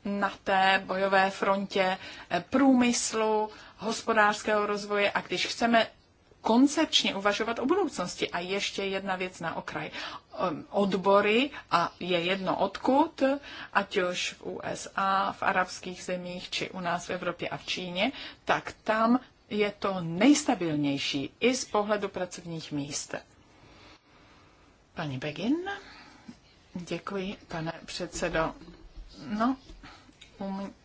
Speaker 3: na té bojové frontě eh, průmyslu, hospodářského rozvoje a když chceme koncepčně uvažovat o budoucnosti. A ještě jedna věc na okraj. Ehm, odbory, a je jedno odkud, ať už v USA, v arabských zemích, či u nás v Evropě a v Číně, tak tam je to nejstabilnější i z pohledu pracovních míst. Paní Begin. Děkuji, pane předsedo. No,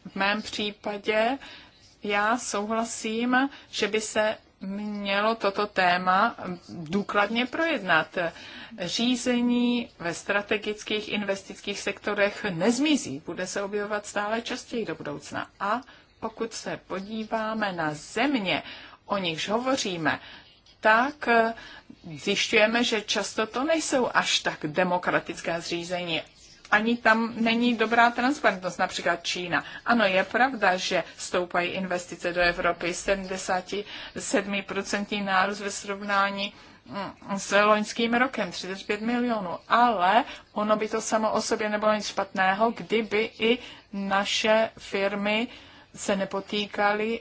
Speaker 3: v mém případě já souhlasím, že by se mělo toto téma důkladně projednat. Řízení ve strategických investických sektorech nezmizí, bude se objevovat stále častěji do budoucna. A pokud se podíváme na země, o nichž hovoříme, tak eh, zjišťujeme, že často to nejsou až tak demokratická zřízení. Ani tam není dobrá transparentnost, například Čína. Ano, je pravda, že stoupají investice do Evropy, 77% nárůst ve srovnání mm, s loňským rokem 35 milionů, ale ono by to samo o sobě nebylo nic špatného, kdyby i naše firmy se nepotýkaly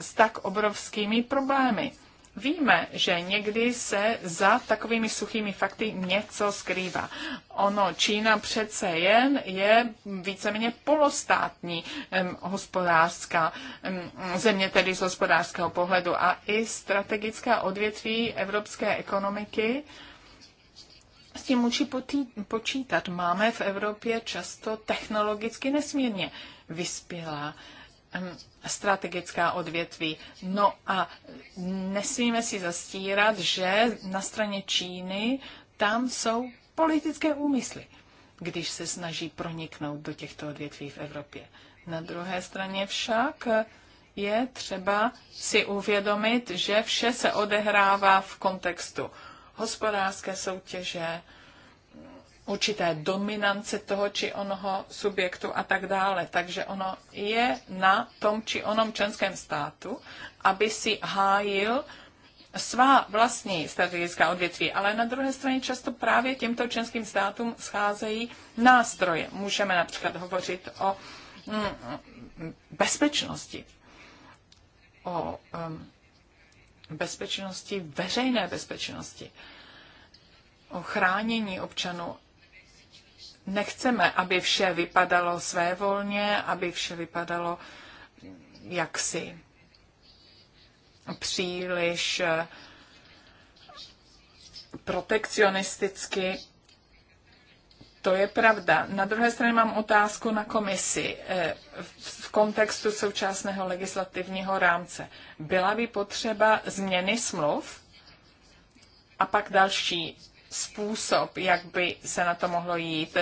Speaker 3: s tak obrovskými problémy. Víme, že někdy se za takovými suchými fakty něco skrývá. Ono, Čína přece jen je víceméně polostátní um, hospodářská um, země, tedy z hospodářského pohledu a i strategická odvětví evropské ekonomiky s tím musí počítat. Máme v Evropě často technologicky nesmírně vyspělá strategická odvětví. No a nesmíme si zastírat, že na straně Číny tam jsou politické úmysly, když se snaží proniknout do těchto odvětví v Evropě. Na druhé straně však je třeba si uvědomit, že vše se odehrává v kontextu hospodářské soutěže, určité dominance toho či onoho subjektu a tak dále. Takže ono je na tom či onom členském státu, aby si hájil svá vlastní strategická odvětví, ale na druhé straně často právě těmto členským státům scházejí nástroje. Můžeme například hovořit o mm, bezpečnosti, o mm, bezpečnosti, veřejné bezpečnosti, o chránění občanů nechceme, aby vše vypadalo svévolně, aby vše vypadalo jaksi příliš eh, protekcionisticky. To je pravda. Na druhé straně mám otázku na komisi eh, v kontextu současného legislativního rámce. Byla by potřeba změny smluv a pak další způsob, jak by se na to mohlo jít.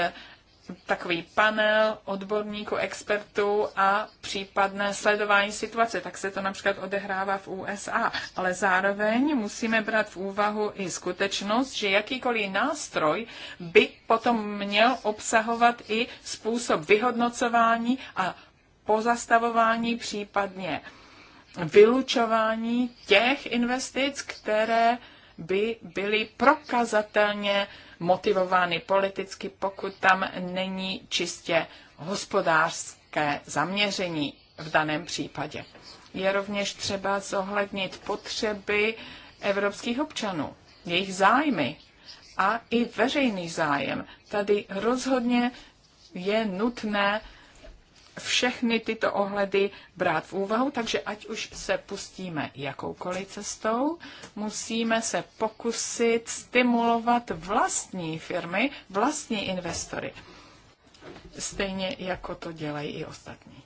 Speaker 3: Takový panel odborníků, expertů a případné sledování situace. Tak se to například odehrává v USA. Ale zároveň musíme brát v úvahu i skutečnost, že jakýkoliv nástroj by potom měl obsahovat i způsob vyhodnocování a pozastavování, případně vylučování těch investic, které by byly prokazatelně motivovány politicky, pokud tam není čistě hospodářské zaměření v daném případě. Je rovněž třeba zohlednit potřeby evropských občanů, jejich zájmy a i veřejný zájem. Tady rozhodně je nutné všechny tyto ohledy brát v úvahu, takže ať už se pustíme jakoukoliv cestou, musíme se pokusit stimulovat vlastní firmy, vlastní investory. Stejně jako to dělají i ostatní.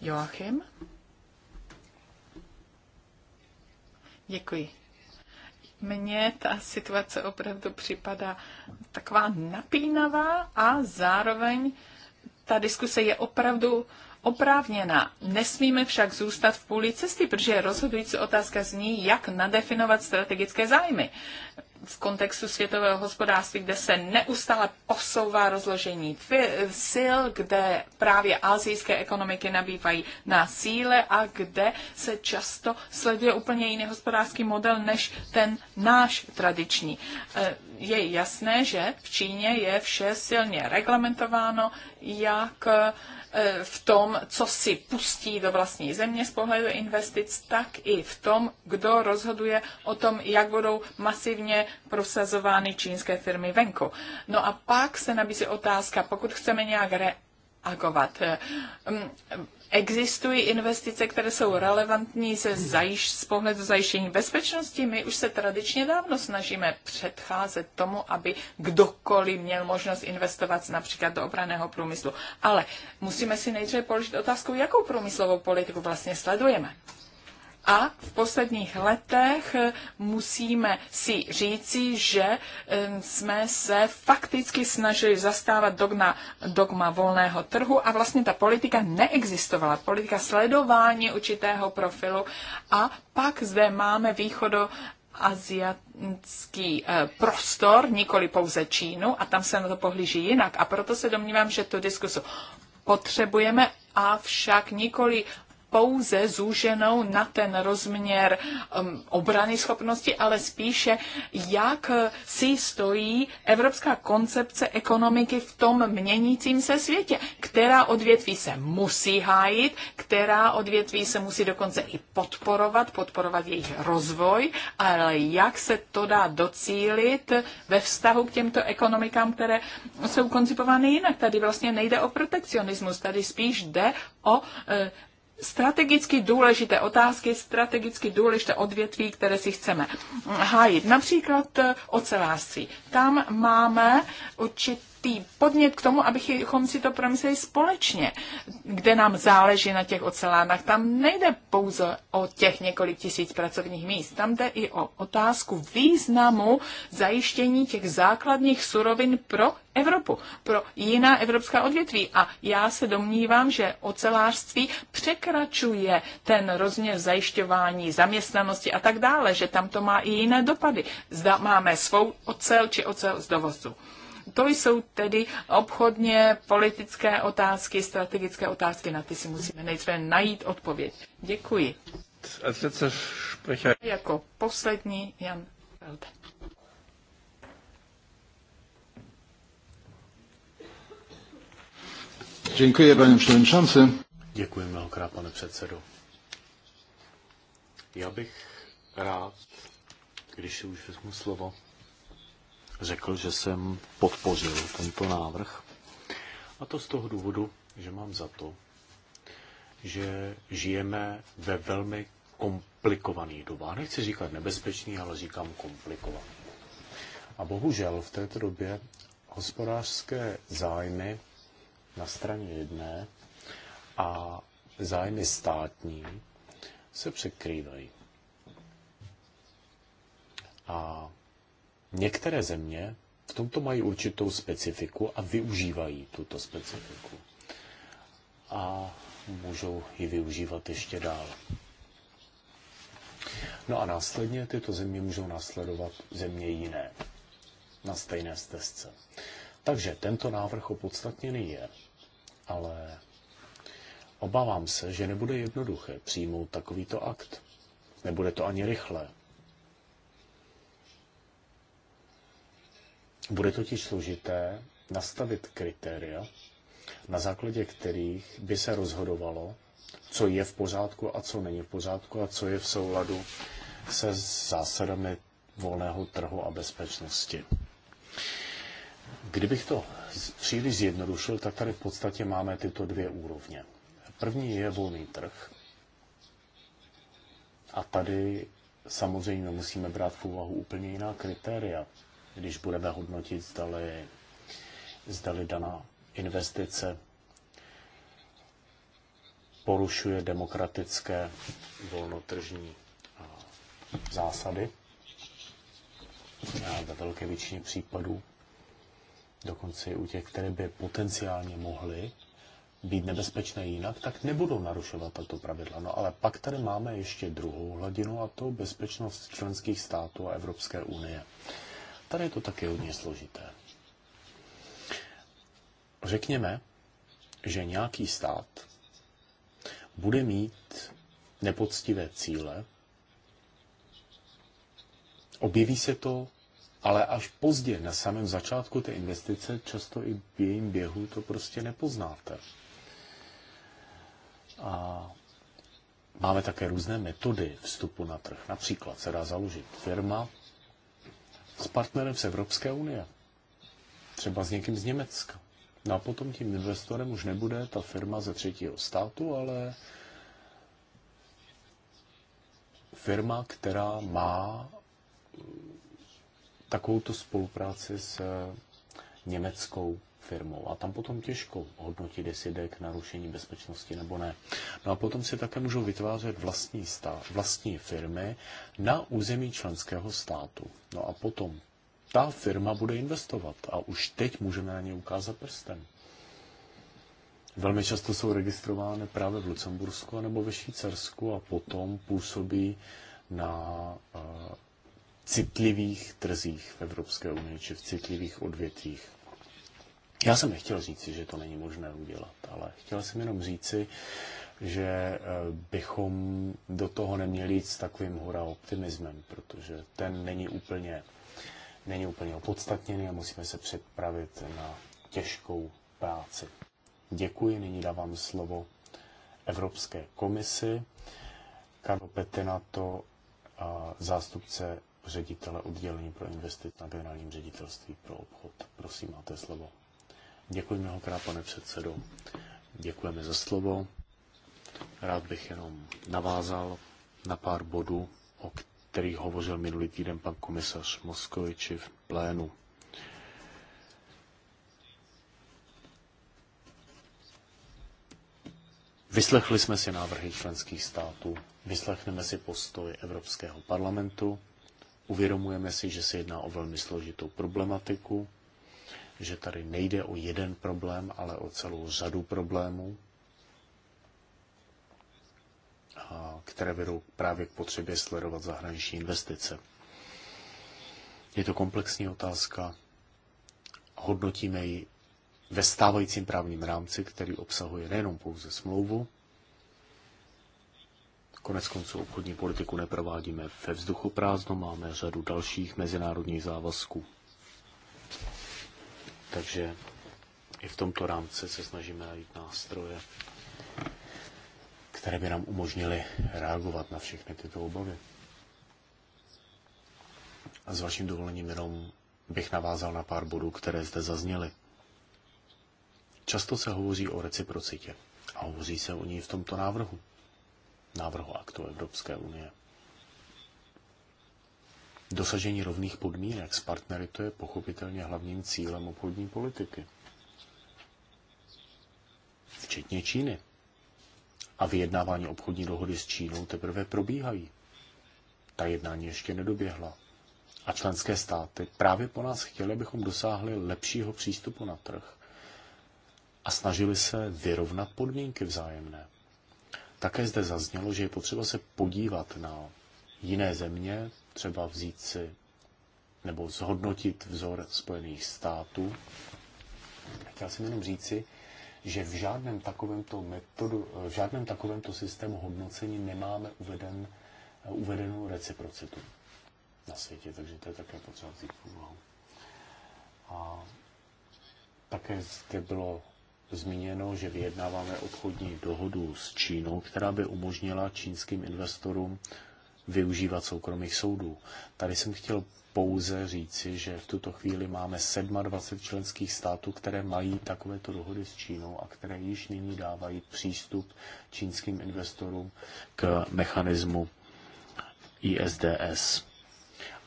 Speaker 3: Joachim? Děkuji. Mně ta situace opravdu připadá taková napínavá a zároveň uh, ta diskuse je opravdu oprávněná. Nesmíme však zůstat v půli cesty, protože rozhodující otázka zní, jak nadefinovat strategické zájmy v kontextu světového hospodářství, kde se neustále posouvá rozložení sil, kde právě azijské ekonomiky nabývají na síle a kde se často sleduje úplně jiný hospodářský model než ten náš tradiční. Eh, je jasné, že v Číně je vše silně reglamentováno, jak e, v tom, co si pustí do vlastní země z pohledu investic, tak i v tom, kdo rozhoduje o tom, jak budou masivně prosazovány čínské firmy venku. No a pak se nabízí otázka, pokud chceme nějak reagovat, e, existují investice, které jsou relevantní ze zajiš, z pohledu zajištění bezpečnosti. My už se tradičně dávno snažíme předcházet tomu, aby kdokoliv měl možnost investovat například do obraného průmyslu. Ale musíme si nejdříve položit otázku, jakou průmyslovou politiku vlastně sledujeme. A v posledních letech musíme si říci, že jsme se fakticky snažili zastávat dogma, dogma volného trhu a vlastně ta politika neexistovala. Politika sledování určitého profilu a pak zde máme východo aziatský eh, prostor, nikoli pouze Čínu a tam se na to pohlíží jinak. A proto se domnívám, že tu diskusu potřebujeme, avšak nikoli pouze zúženou na ten rozměr um, obrany schopnosti, ale spíše, jak si stojí evropská koncepce ekonomiky v tom měnícím se světě, která odvětví se musí hájit, která odvětví se musí dokonce i podporovat, podporovat jejich rozvoj, ale jak se to dá docílit ve vztahu k těmto ekonomikám, které jsou koncipovány jinak. Tady vlastně nejde o protekcionismus, tady spíš jde o e, strategicky důležité otázky, strategicky důležité odvětví, které si chceme hájit. Například eh, ocelářství. Tam máme určitě tý podnět k tomu, abychom si to promysleli společně, kde nám záleží na těch ocelánách. Tam nejde pouze o těch několik tisíc pracovních míst, tam jde i o otázku významu zajištění těch základních surovin pro Evropu, pro jiná evropská odvětví. A já se domnívám, že ocelářství překračuje ten rozměr zajišťování zaměstnanosti a tak dále, že tam to má i jiné dopady. Zda máme svou ocel či ocel z dovozu. To jsou tedy obchodně politické otázky, strategické otázky, na ty si musíme nejdříve najít odpověď. Děkuji. Jako poslední Jan Felde.
Speaker 1: Děkuji, paní předsedající. Děkuji mnohokrát, pane předsedo. Já bych rád, když si už vezmu slovo, řekl, že jsem podpořil tento návrh. A to z toho důvodu, že mám za to, že žijeme ve velmi komplikovaný dobách. Nechci říkat nebezpečný, ale říkám komplikovaný. A bohužel v této době hospodářské zájmy na straně jedné a zájmy státní se překrývají. A Některé země v tomto mají určitou specifiku a využívají tuto specifiku. A můžou ji využívat ještě dál. No a následně tyto země můžou následovat země jiné na stejné stezce. Takže tento návrh opodstatněný je, ale obávám se, že nebude jednoduché přijmout takovýto akt. Nebude to ani rychlé. Bude totiž složité nastavit kritéria, na základě kterých by se rozhodovalo, co je v pořádku a co není v pořádku a co je v souladu se zásadami volného trhu a bezpečnosti. Kdybych to příliš zjednodušil, tak tady v podstatě máme tyto dvě úrovně. První je volný trh. A tady samozřejmě musíme brát v úvahu úplně jiná kritéria, když budeme hodnotit, zdali, zdali daná investice porušuje demokratické volnotržní zásady. A ve velké většině případů, dokonce i u těch, které by potenciálně mohly být nebezpečné jinak, tak nebudou narušovat tato pravidla. No ale pak tady máme ještě druhou hladinu a to bezpečnost členských států a Evropské unie. Tady je to taky hodně složité. Řekněme, že nějaký stát bude mít nepoctivé cíle, objeví se to ale až pozdě, na samém začátku té investice, často i v jejím běhu to prostě nepoznáte. A máme také různé metody vstupu na trh. Například se dá založit firma, s partnerem z Evropské unie, třeba s někým z Německa. No a potom tím investorem už nebude ta firma ze třetího státu, ale firma, která má takovouto spolupráci s německou firmou. A tam potom těžko hodnotit, jestli jde k narušení bezpečnosti nebo ne. No a potom si také můžou vytvářet vlastní, stát, vlastní firmy na území členského státu. No a potom ta firma bude investovat a už teď můžeme na ně ukázat prstem. Velmi často jsou registrovány právě v Lucembursku nebo ve Švýcarsku a potom působí na eh, citlivých trzích v Evropské unii či v citlivých odvětvích. Já jsem nechtěl říci, že to není možné udělat, ale chtěl jsem jenom říci, že eh, bychom do toho neměli jít s takovým hora optimismem, protože ten není úplně, není úplně opodstatněný a musíme se připravit na těžkou práci. Děkuji, nyní dávám slovo Evropské komisi. Karlo Petinato, eh, zástupce ředitele oddělení pro investice na generálním ředitelství pro obchod. Prosím, máte slovo. Děkuji mnohokrát, pane předsedo. Děkujeme za slovo. Rád bych jenom navázal na pár bodů, o kterých hovořil minulý týden pan komisař Moskoviči v plénu. Vyslechli jsme si návrhy členských států, vyslechneme si postoj Evropského parlamentu, uvědomujeme si, že se jedná o velmi složitou problematiku, že tady nejde o jeden problém, ale o celou řadu problémů, které vedou právě k potřebě sledovat zahraniční investice. Je to komplexní otázka. Hodnotíme ji ve stávajícím právním rámci, který obsahuje nejenom pouze smlouvu, Konec konců obchodní politiku neprovádíme ve vzduchu prázdno, máme řadu dalších mezinárodních závazků. Takže i v tomto rámci se snažíme najít nástroje, které by nám umožnily reagovat na všechny tyto obavy. A s vaším dovolením jenom bych navázal na pár bodů, které zde zazněly. Často se hovoří o reciprocitě a hovoří se o ní v tomto návrhu, návrhu aktu Evropské unie. Dosažení rovných podmínek s partnery to je pochopitelně hlavním cílem obchodní politiky. Včetně Číny. A vyjednávání obchodní dohody s Čínou teprve probíhají. Ta jednání ještě nedoběhla. A členské státy právě po nás chtěli, abychom dosáhli lepšího přístupu na trh a snažili se vyrovnat podmínky vzájemné. Také zde zaznělo, že je potřeba se podívat na jiné země, třeba vzít si nebo zhodnotit vzor Spojených států. Chtěl jsem jenom říci, že v žádném takovémto, metodu, v žádném takovémto systému hodnocení nemáme uveden, uvedenou reciprocitu na světě, takže to je také potřeba vzít v úvahu. A také zde bylo zmíněno, že vyjednáváme obchodní dohodu s Čínou, která by umožnila čínským investorům využívat soukromých soudů. Tady jsem chtěl pouze říci, že v tuto chvíli máme 27 členských států, které mají takovéto dohody s Čínou a které již nyní dávají přístup čínským investorům k mechanismu ISDS.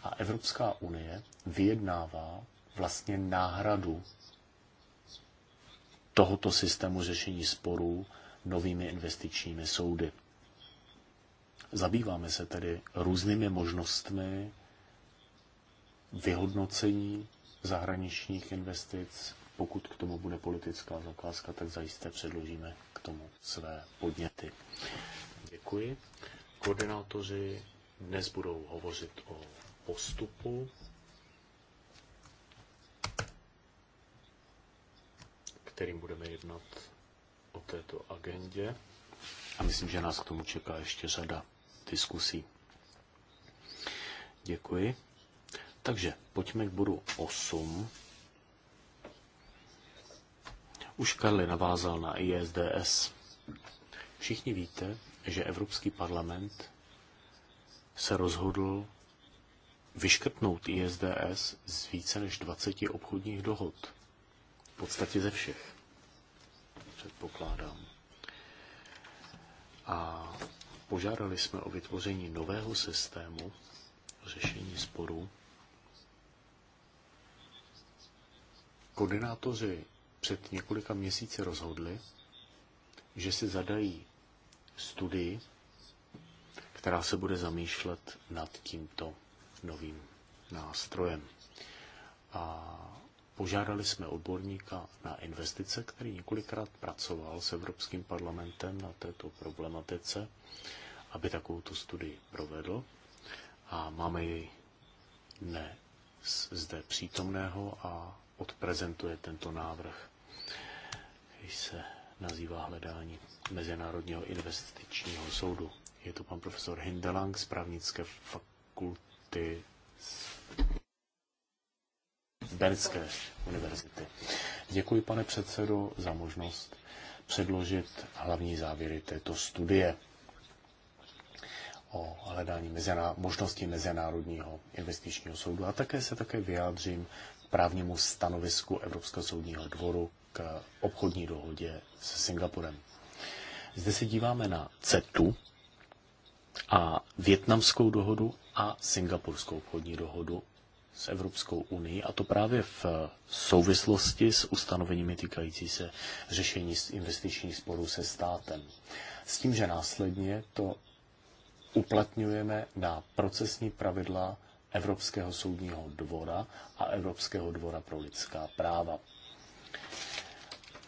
Speaker 1: A Evropská unie vyjednává vlastně náhradu tohoto systému řešení sporů novými investičními soudy. Zabýváme se tedy různými možnostmi vyhodnocení zahraničních investic. Pokud k tomu bude politická zakázka, tak zajisté předložíme k tomu své podněty. Děkuji. Koordinátoři dnes budou hovořit o postupu, kterým budeme jednat o této agendě. A myslím, že nás k tomu čeká ještě řada diskusí. Děkuji. Takže pojďme k bodu 8. Už Karli navázal na ISDS. Všichni víte, že Evropský parlament se rozhodl vyškrtnout ISDS z více než 20 obchodních dohod. V podstatě ze všech, předpokládám a požádali jsme o vytvoření nového systému řešení sporů. Koordinátoři před několika měsíci rozhodli, že si zadají studii, která se bude zamýšlet nad tímto novým nástrojem. A Požádali jsme odborníka na investice, který několikrát pracoval s Evropským parlamentem na této problematice, aby takovouto studii provedl. A máme jej ne zde přítomného a odprezentuje tento návrh, který se nazývá hledání Mezinárodního investičního soudu. Je to pan profesor Hindelang z právnické fakulty Bernské univerzity. Děkuji, pane předsedo, za možnost předložit hlavní závěry této studie o hledání mezená, možností Mezinárodního investičního soudu a také se také vyjádřím právnímu stanovisku Evropského soudního dvoru k obchodní dohodě se Singapurem. Zde se díváme na CETu a větnamskou dohodu a singapurskou obchodní dohodu s Evropskou unii, a to právě v souvislosti s ustanoveními týkající se řešení investičních sporů se státem. S tím, že následně to uplatňujeme na procesní pravidla Evropského soudního dvora a Evropského dvora pro lidská práva.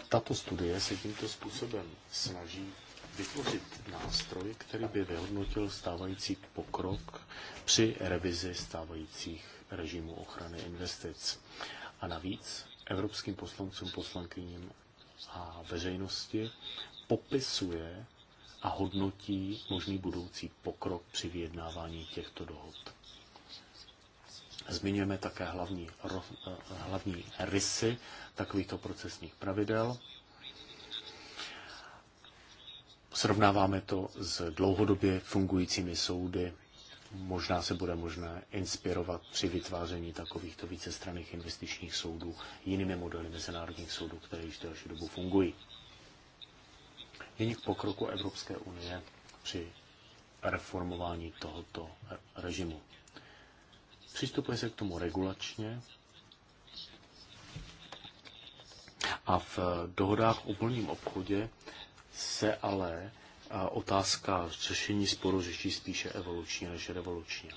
Speaker 1: Tato studie se tímto způsobem snaží vytvořit nástroj, který by vyhodnotil stávající pokrok při revizi stávajících režimu ochrany investic. A navíc evropským poslancům, poslankyním a veřejnosti popisuje a hodnotí možný budoucí pokrok při vyjednávání těchto dohod. Zmiňujeme také hlavní, eh, hlavní rysy takovýchto procesních pravidel. Srovnáváme to s dlouhodobě fungujícími soudy možná se bude možné inspirovat při vytváření takovýchto vícestranných investičních soudů jinými modely mezinárodních soudů, které již delší dobu fungují. Nyní k pokroku Evropské unie při reformování tohoto režimu. Přistupuje se k tomu regulačně a v dohodách o volném obchodě se ale otázka řešení sporu řeší spíše evolučně než revolučně.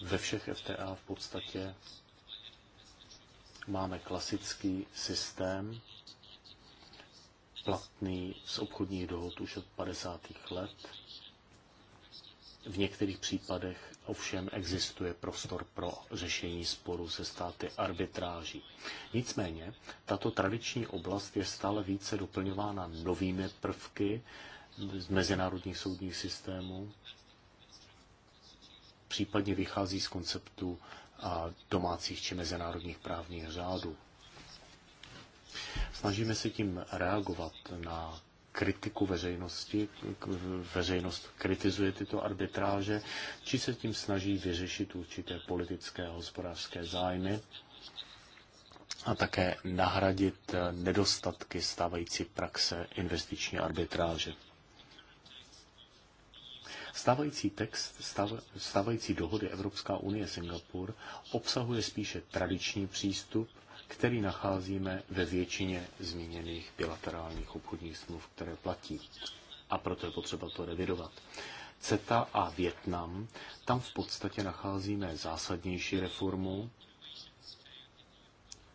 Speaker 1: Ve všech FTA v podstatě máme klasický systém, platný z obchodních dohod už od 50. let. V některých případech Ovšem existuje prostor pro řešení sporů se státy arbitráží. Nicméně, tato tradiční oblast je stále více doplňována novými prvky z mezinárodních soudních systémů, případně vychází z konceptu domácích či mezinárodních právních řádů. Snažíme se tím reagovat na kritiku veřejnosti, veřejnost kritizuje tyto arbitráže, či se tím snaží vyřešit určité politické a hospodářské zájmy a také nahradit eh, nedostatky stávající praxe investiční arbitráže. Stávající text, stávající dohody Evropská unie Singapur obsahuje spíše tradiční přístup, který nacházíme ve většině zmíněných bilaterálních obchodních smluv, které platí. A proto je potřeba to revidovat. CETA a Větnam, tam v podstatě nacházíme zásadnější reformu.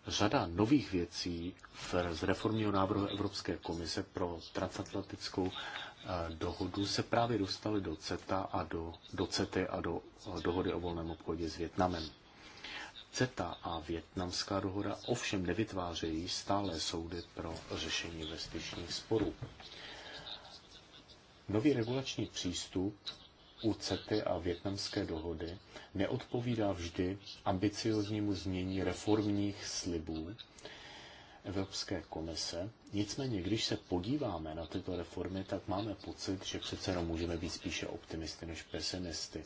Speaker 1: Řada nových věcí v, z reformního návrhu Evropské komise pro transatlantickou eh, dohodu se právě dostaly do CETA a do, do CETA a do eh, dohody o volném obchodě s Větnamem. CETA a větnamská dohoda ovšem nevytvářejí stále soudy pro řešení investičních sporů. Nový regulační přístup u CETY a větnamské dohody neodpovídá vždy ambicioznímu změní reformních slibů Evropské komise. Nicméně, když se podíváme na tyto reformy, tak máme pocit, že přece jenom můžeme být spíše optimisty než pesimisty.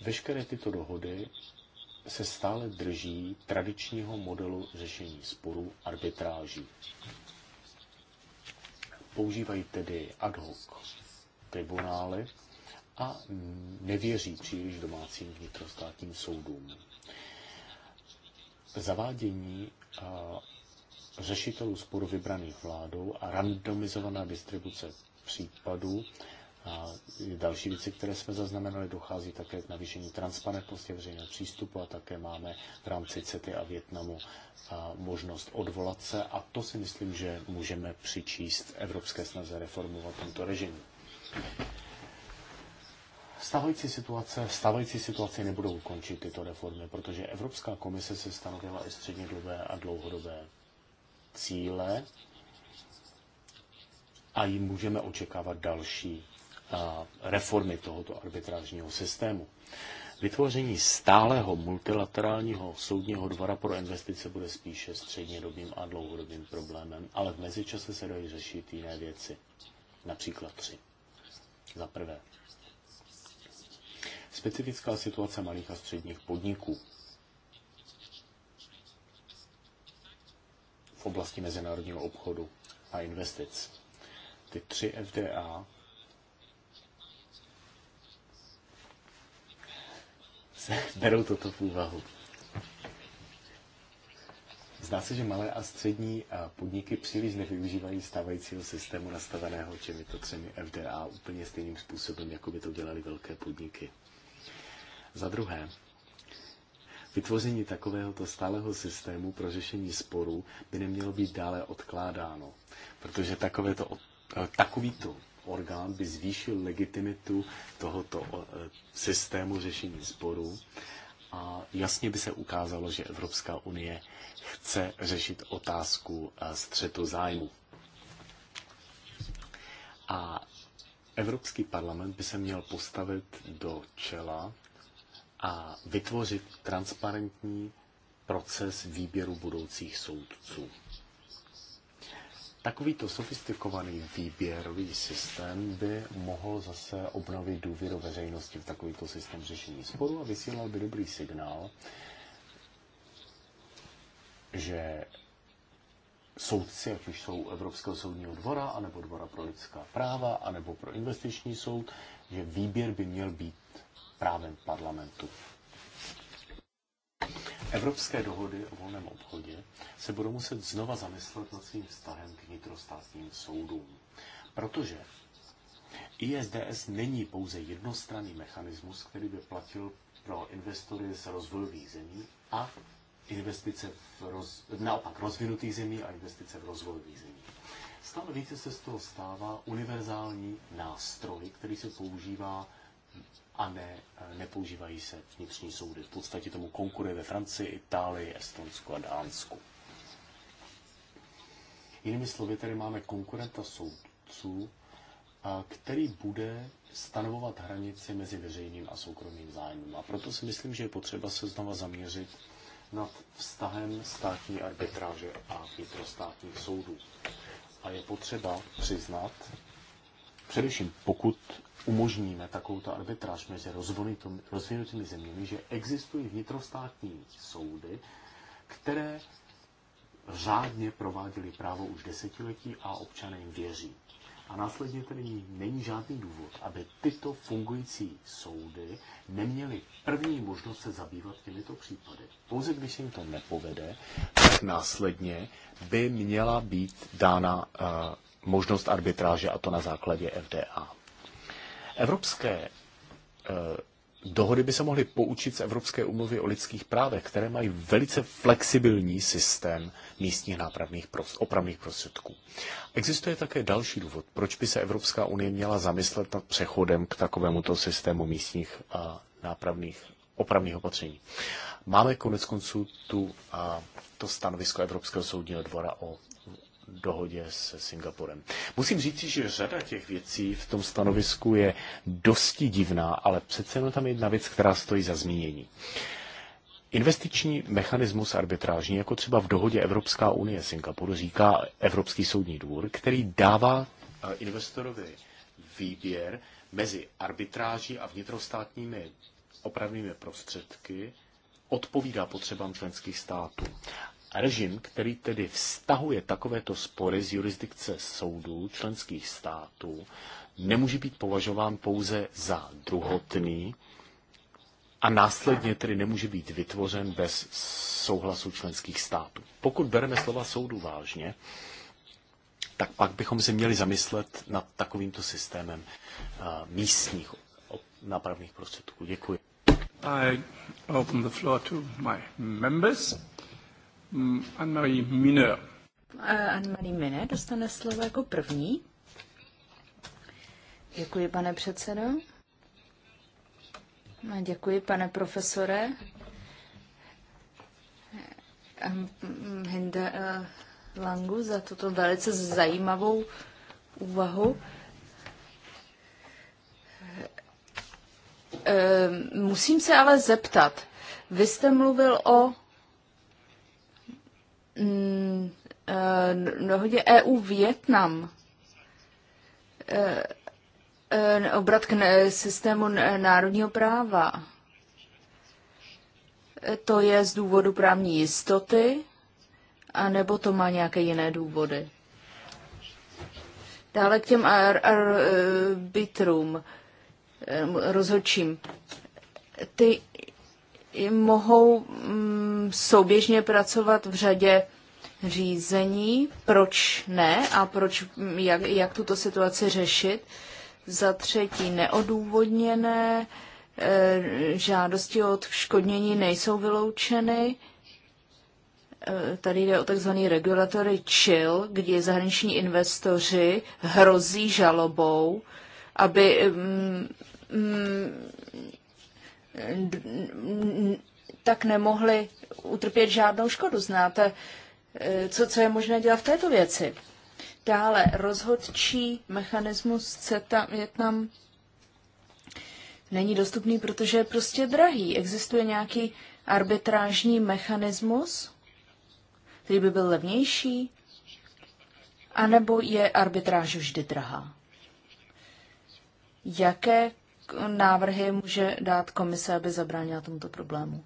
Speaker 1: Veškeré tyto dohody se stále drží tradičního modelu řešení sporů arbitráží. Používají tedy ad hoc tribunály a nevěří příliš domácím vnitrostátním soudům. Zavádění řešitelů sporu vybraných vládou a randomizovaná distribuce případů a další věci, které jsme zaznamenali, dochází také k navýšení transparentnosti veřejného přístupu a také máme v rámci CETY a Větnamu a možnost odvolat se a to si myslím, že můžeme přičíst evropské snaze reformovat tento režim. Stávající situace, stávající situace nebudou ukončit tyto reformy, protože Evropská komise se stanovila i středně dlouhé a dlouhodobé cíle a jim můžeme očekávat další reformy tohoto arbitrážního systému. Vytvoření stálého multilaterálního soudního dvora pro investice bude spíše střednědobým a dlouhodobým problémem, ale v mezičase se dají řešit jiné věci. Například tři. Za prvé, specifická situace malých a středních podniků v oblasti mezinárodního obchodu a investic. Ty tři FDA se berou toto v úvahu. Zdá se, že malé a střední eh, podniky příliš nevyužívají stávajícího systému nastaveného těmito třemi FDA úplně stejným způsobem, jako by to dělali velké podniky. Za druhé, vytvoření takovéhoto stálého systému pro řešení sporů by nemělo být dále odkládáno, protože takovéto, eh, takovýto orgán by zvýšil legitimitu tohoto eh, systému řešení sporů a jasně by se ukázalo, že Evropská unie chce řešit otázku eh, střetu zájmu. A Evropský parlament by se měl postavit do čela a vytvořit transparentní proces výběru budoucích soudců. Takovýto sofistikovaný výběrový systém by mohl zase obnovit důvěru veřejnosti v takovýto systém řešení sporu a vysílal by dobrý signál, že soudci, ať už jsou Evropského soudního dvora, anebo Dvora pro lidská práva, anebo pro investiční soud, že výběr by měl být právem parlamentu evropské dohody o volném obchodě se budou muset znova zamyslet nad svým vztahem k vnitrostátním soudům. Protože ISDS není pouze jednostranný mechanismus, který by platil pro investory z rozvojových zemí a investice v roz, naopak rozvinutých zemí a investice v rozvojových zemí. Stále více se z toho stává univerzální nástroj, který se používá a ne, nepoužívají se vnitřní soudy. V podstatě tomu konkuruje ve Francii, Itálii, Estonsku a Dánsku. Jinými slovy, tady máme konkurenta soudců, který bude stanovovat hranici mezi veřejným a soukromým zájmem. A proto si myslím, že je potřeba se znova zaměřit nad vztahem státní arbitráže a vnitrostátních soudů. A je potřeba přiznat, především pokud umožníme takovouto arbitráž mezi rozvinutými zeměmi, že existují vnitrostátní soudy, které řádně prováděly právo už desetiletí a občané jim věří. A následně tedy není žádný důvod, aby tyto fungující soudy neměly první možnost se zabývat těmito případy. Pouze když se jim to nepovede, tak následně by měla být dána uh, možnost arbitráže a to na základě FDA. Evropské eh, dohody by se mohly poučit z Evropské umluvy o lidských právech, které mají velice flexibilní systém místních nápravných pros- opravných prostředků. Existuje také další důvod, proč by se Evropská unie měla zamyslet nad přechodem k takovémuto systému místních a eh, nápravných opravných opatření. Máme konec konců tu, a, eh, to stanovisko Evropského soudního dvora o dohodě se Singapurem. Musím říct, že řada těch věcí v tom stanovisku je dosti divná, ale přece jenom tam je jedna věc, která stojí za zmínění. Investiční mechanismus arbitrážní, jako třeba v dohodě Evropská unie Singapuru, říká Evropský soudní dvůr, který dává eh, investorovi výběr mezi arbitráží a vnitrostátními opravnými prostředky, odpovídá potřebám členských států režim, který tedy vztahuje takovéto spory z jurisdikce soudů členských států, nemůže být považován pouze za druhotný a následně tedy nemůže být vytvořen bez souhlasu členských států. Pokud bereme slova soudu vážně, tak pak bychom se měli zamyslet nad takovýmto systémem eh, místních nápravných prostředků. Děkuji. I open the floor to my members. Mm, Anne-Marie Miner.
Speaker 2: Anne-Marie Miner dostane slovo jako první. Děkuji, pane předsedo. A děkuji, pane profesore. Mm, Hinde eh, Langu za tuto velice zajímavou úvahu. Eh, musím se ale zeptat. Vy jste mluvil o Mm, eh, dohodě EU Větnam eh, eh, obrat k systému národního práva. To je z důvodu právní jistoty, anebo to má nějaké jiné důvody. Dále k těm arbitrům, rozhodčím. Ty mohou mm, souběžně pracovat v řadě řízení, proč ne a proč, mm, jak, jak tuto situaci řešit. Za třetí, neodůvodněné eh, žádosti od odškodnění nejsou vyloučeny. Eh, tady jde o tzv. regulatory chill, kdy zahraniční investoři hrozí žalobou, aby mm, tak nemohli utrpět žádnou škodu. Znáte, eh, co, co je možné dělat v této věci? Dále rozhodčí mechanismus CETA Větnam není dostupný, protože je prostě drahý. Existuje nějaký arbitrážní mechanismus, který by byl levnější, anebo je arbitráž vždy drahá? Jaké návrhy může dát komise, aby zabránila tomuto problému?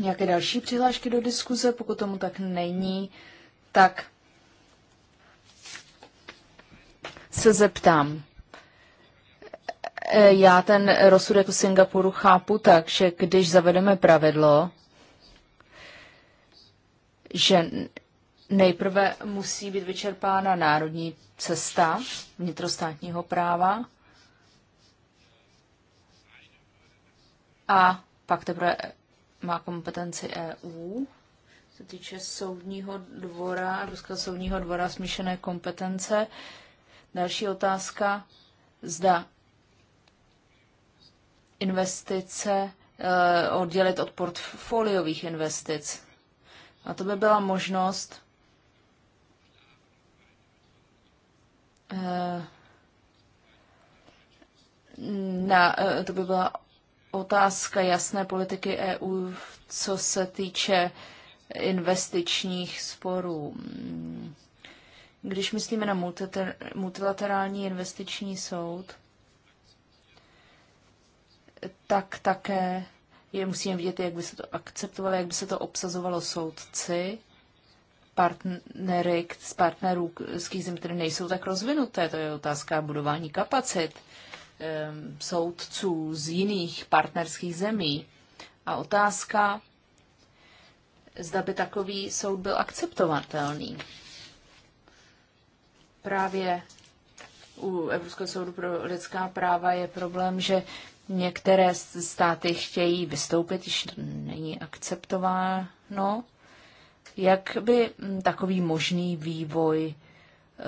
Speaker 2: Nějaké další přihlášky do diskuze? Pokud tomu tak není, tak se zeptám. E, já ten rozsudek u Singapuru chápu tak, že když zavedeme pravidlo, že Nejprve musí být vyčerpána národní cesta vnitrostátního práva a pak teprve má kompetenci EU. Se týče soudního dvora, Ruského soudního dvora smíšené kompetence. Další otázka, zda investice eh, oddělit od portfoliových investic. A to by byla možnost na, eh, to by byla otázka jasné politiky EU, co se týče investičních sporů. Když myslíme na multilaterální investiční soud, tak také je musíme vidět, jak by se to akceptovalo, jak by se to obsazovalo soudci, partnery z partnerů zemí, které nejsou tak rozvinuté. To je otázka budování kapacit. Uh, soudců z jiných partnerských zemí. A otázka, zda by takový soud byl akceptovatelný. Právě u Evropského soudu pro lidská práva je problém, že některé státy chtějí vystoupit, již není akceptováno. Jak by takový možný vývoj eh,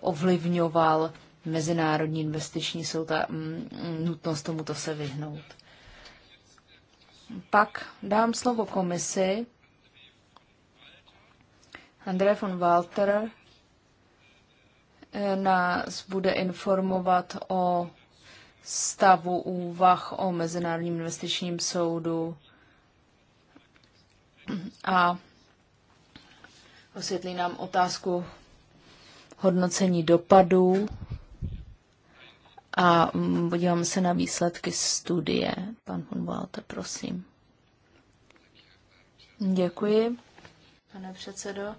Speaker 2: ovlivňoval mezinárodní investiční jsou ta mm, mm, nutnost tomuto se vyhnout. Pak dám slovo komisi. André von Walter eh, nás bude informovat o stavu úvah o Mezinárodním investičním soudu a osvětlí nám otázku hodnocení dopadů a podívám se na výsledky studie. Pan Hunvalter, prosím. Děkuji, pane předsedo.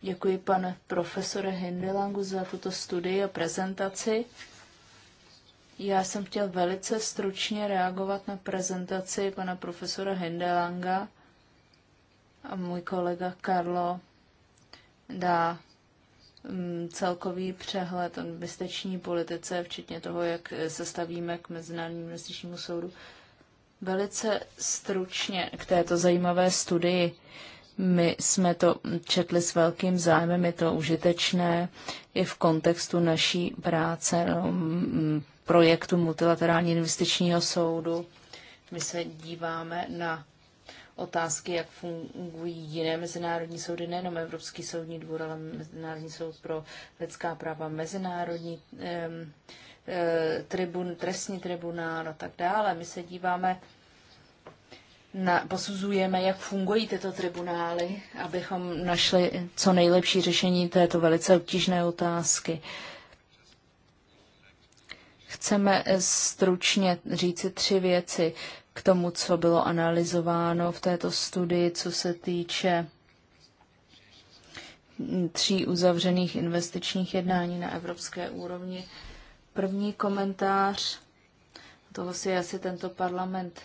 Speaker 2: Děkuji, pane profesore Hindelangu, za tuto studii a prezentaci. Já jsem chtěl velice stručně reagovat na prezentaci pana profesora Hindelanga a můj kolega Karlo dá Mm, celkový přehled o investiční politice, včetně toho, jak se stavíme k Mezinárodnímu investičnímu soudu. Velice stručně k této zajímavé studii. My jsme to četli s velkým zájmem, je to užitečné i v kontextu naší práce, no, mm, projektu Multilaterální investičního soudu. My se díváme na otázky, jak fungují jiné mezinárodní soudy, nejenom Evropský soudní dvůr, ale Mezinárodní soud pro lidská práva, Mezinárodní e, tribun, trestní tribunál a tak dále. My se díváme, na, posuzujeme, jak fungují tyto tribunály, abychom našli co nejlepší řešení této velice obtížné otázky. Chceme eh, stručně říci tři věci k tomu, co bylo analyzováno v této studii, co se týče hm, tří uzavřených investičních jednání na evropské úrovni. První komentář, toho si asi tento parlament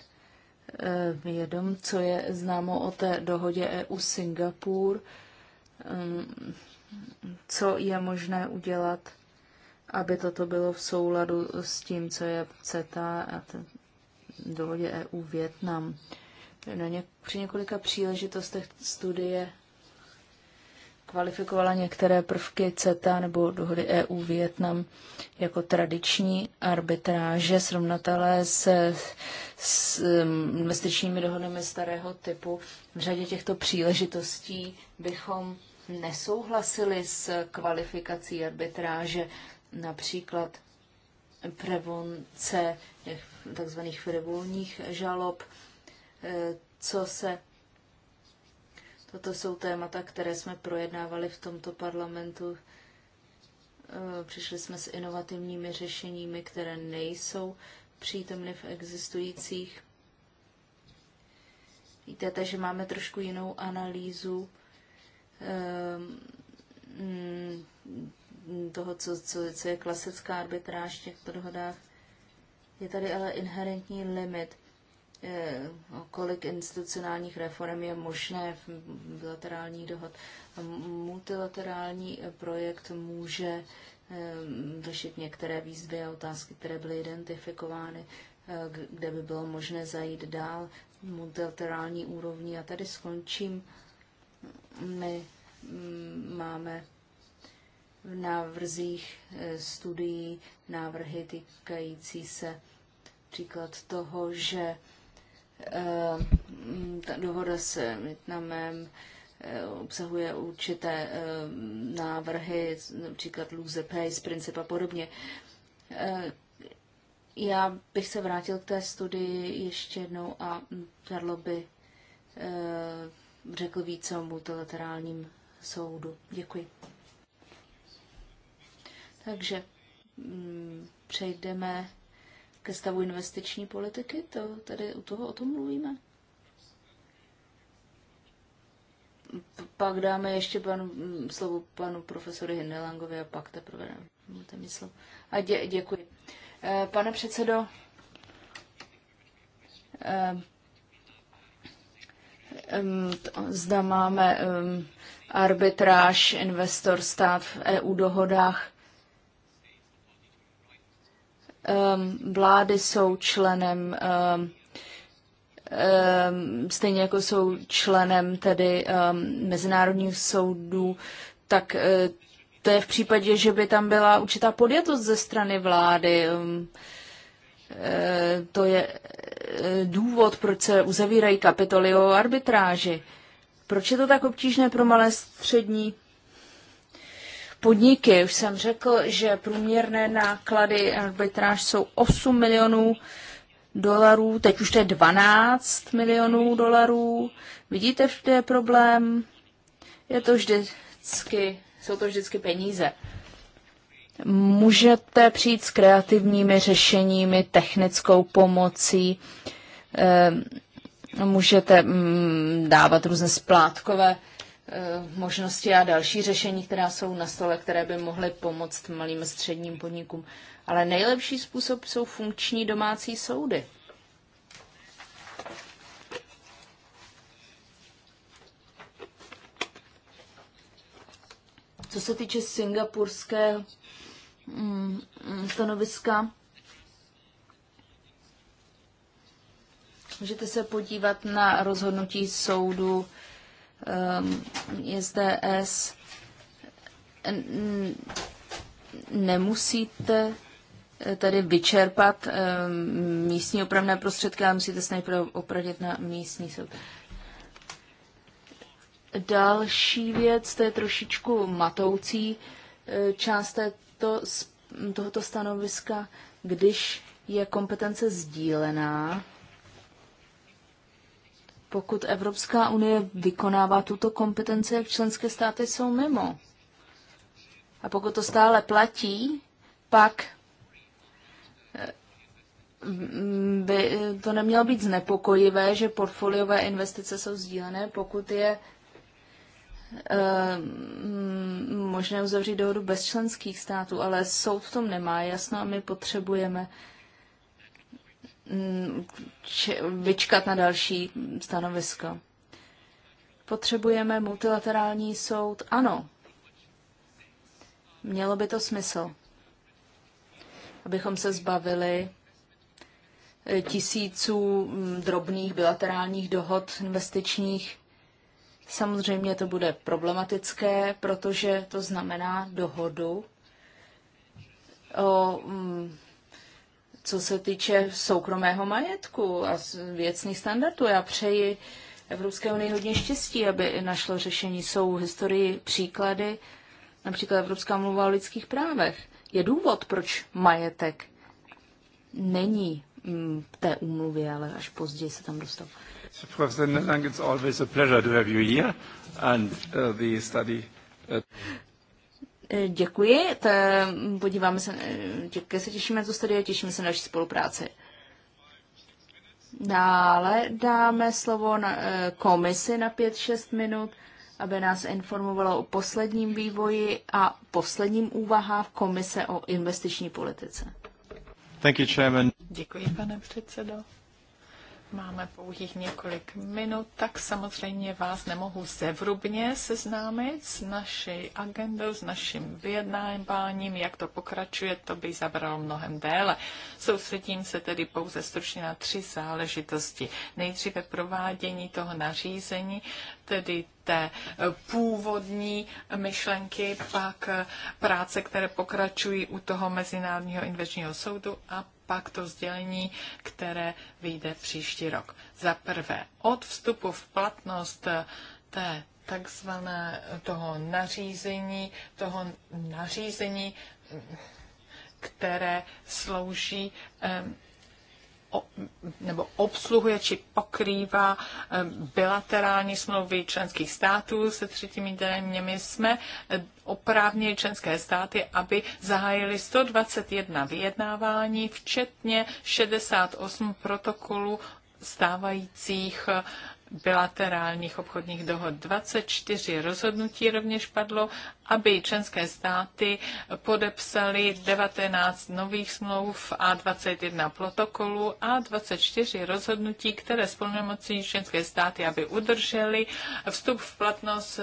Speaker 2: vědom, eh, co je známo o té dohodě EU Singapur, hm, co je možné udělat aby toto bylo v souladu s tím, co je CETA a dohodě EU Větnam. Na ně- při několika příležitostech studie kvalifikovala některé prvky CETA nebo dohody EU Větnam jako tradiční arbitráže srovnatelé se s mm, investičními dohodami starého typu. V řadě těchto příležitostí bychom nesouhlasili s kvalifikací arbitráže například prevonce, tzv. frivolních žalob, eh, co se Toto jsou témata, které jsme projednávali v tomto parlamentu. Eh, přišli jsme s inovativními řešeními, které nejsou přítomny v existujících. Víte, že máme trošku jinou analýzu eh, mm, toho, co, co, co je klasická arbitráž v těchto dohodách. Je tady ale inherentní limit, eh, kolik institucionálních reform je možné v bilaterální dohod. Multilaterální projekt může eh, řešit některé výzvy a otázky, které byly identifikovány, eh, kde by bylo možné zajít dál multilaterální úrovni. A tady skončím. My mm, máme v návrzích eh, studií návrhy týkající se příklad toho, že eh, ta dohoda s Vietnamem eh, obsahuje určité návrhy, například lose pay, z princip a podobně. Já bych se vrátil k té studii ještě jednou a Karlo by řekl více o multilaterálním soudu. Děkuji. Takže mm, přejdeme ke stavu investiční politiky, to tady u toho o tom mluvíme. Pak dáme ještě panu, mm, slovo panu profesoru Hindelangovi a pak teprve máte mít slovo. A dě, děkuji. E, pane předsedo, e, zda máme arbitráž investor stát v EU dohodách Ehm, vlády jsou členem, ehm, ehm, stejně jako jsou členem tedy mezinárodních soudů, tak eh, to je v případě, že by tam byla určitá podjatost ze strany vlády. Eh, to je eh, důvod, proč se uzavírají kapitoly o arbitráži. Proč je to tak obtížné pro malé střední podniky. Už jsem řekl, že průměrné náklady arbitráž jsou 8 milionů dolarů, teď už to je 12 milionů dolarů. Vidíte, v je problém? Je to vždycky, jsou to vždycky peníze. Můžete přijít s kreativními řešeními, technickou pomocí, eh, můžete mm, dávat různé splátkové Eh, možnosti a další řešení, která jsou na stole, které by mohly pomoct malým a středním podnikům. Ale nejlepší způsob jsou funkční domácí soudy. Co se týče singapurské mm, mm, stanoviska, můžete se podívat na rozhodnutí soudu ISDS um, nemusíte eh, tedy vyčerpat eh, místní opravné prostředky, ale musíte se nejprve opravit na místní soud. Další věc, to je trošičku matoucí eh, část této, tohoto stanoviska, když je kompetence sdílená, pokud Evropská unie vykonává tuto kompetenci, jak členské státy jsou mimo. A pokud to stále platí, pak eh, by to nemělo být znepokojivé, že portfoliové investice jsou sdílené, pokud je eh, možné uzavřít dohodu bez členských států, ale soud v tom nemá jasno a my potřebujeme vyčkat na další stanovisko. Potřebujeme multilaterální soud? Ano. Mělo by to smysl, abychom se zbavili e, tisíců drobných bilaterálních dohod investičních. Samozřejmě to bude problematické, protože to znamená dohodu o co se týče soukromého majetku a věcných standardů. Já přeji Evropské unii hodně štěstí, aby našlo řešení. Jsou v historii příklady, například Evropská mluva o lidských právech. Je důvod, proč majetek není mm, v té úmluvě, ale až později se tam dostal. Professor Nelang, it's always a pleasure to have you here and uh, the study. Uh, E, děkuji, to, podíváme se, děkuji, e, se těšíme na studie, těšíme se na naší spolupráci. Dále dáme slovo na e, komisi na 5-6 minut, aby nás informovala o posledním vývoji a posledním úvahách komise o investiční politice.
Speaker 3: Thank you, chairman.
Speaker 2: Děkuji, pane předsedo. Máme
Speaker 3: pouhých několik minut, tak samozřejmě vás nemohu zevrubně seznámit s naší agendou, s naším vyjednáváním, jak to pokračuje, to by zabralo mnohem déle. Soustředím se tedy pouze stručně na tři záležitosti. Nejdříve provádění toho nařízení, tedy té původní myšlenky, pak práce, které pokračují u toho Mezinárodního investičního soudu a pak to sdělení, které vyjde příští rok. Za prvé, od vstupu v platnost té takzvané toho nařízení, toho nařízení, které slouží nebo obsluhuje či pokrývá eh, bilaterální smlouvy členských států se třetími zeměmi, jsme eh, oprávnili členské státy, aby zahájili 121 vyjednávání, včetně 68 protokolů stávajících eh, bilaterálních obchodních dohod. 24 rozhodnutí rovněž padlo, aby členské státy podepsaly 19 nových smlouv a 21 protokolů a 24 rozhodnutí, které spolnomocní členské státy, aby udrželi vstup v platnost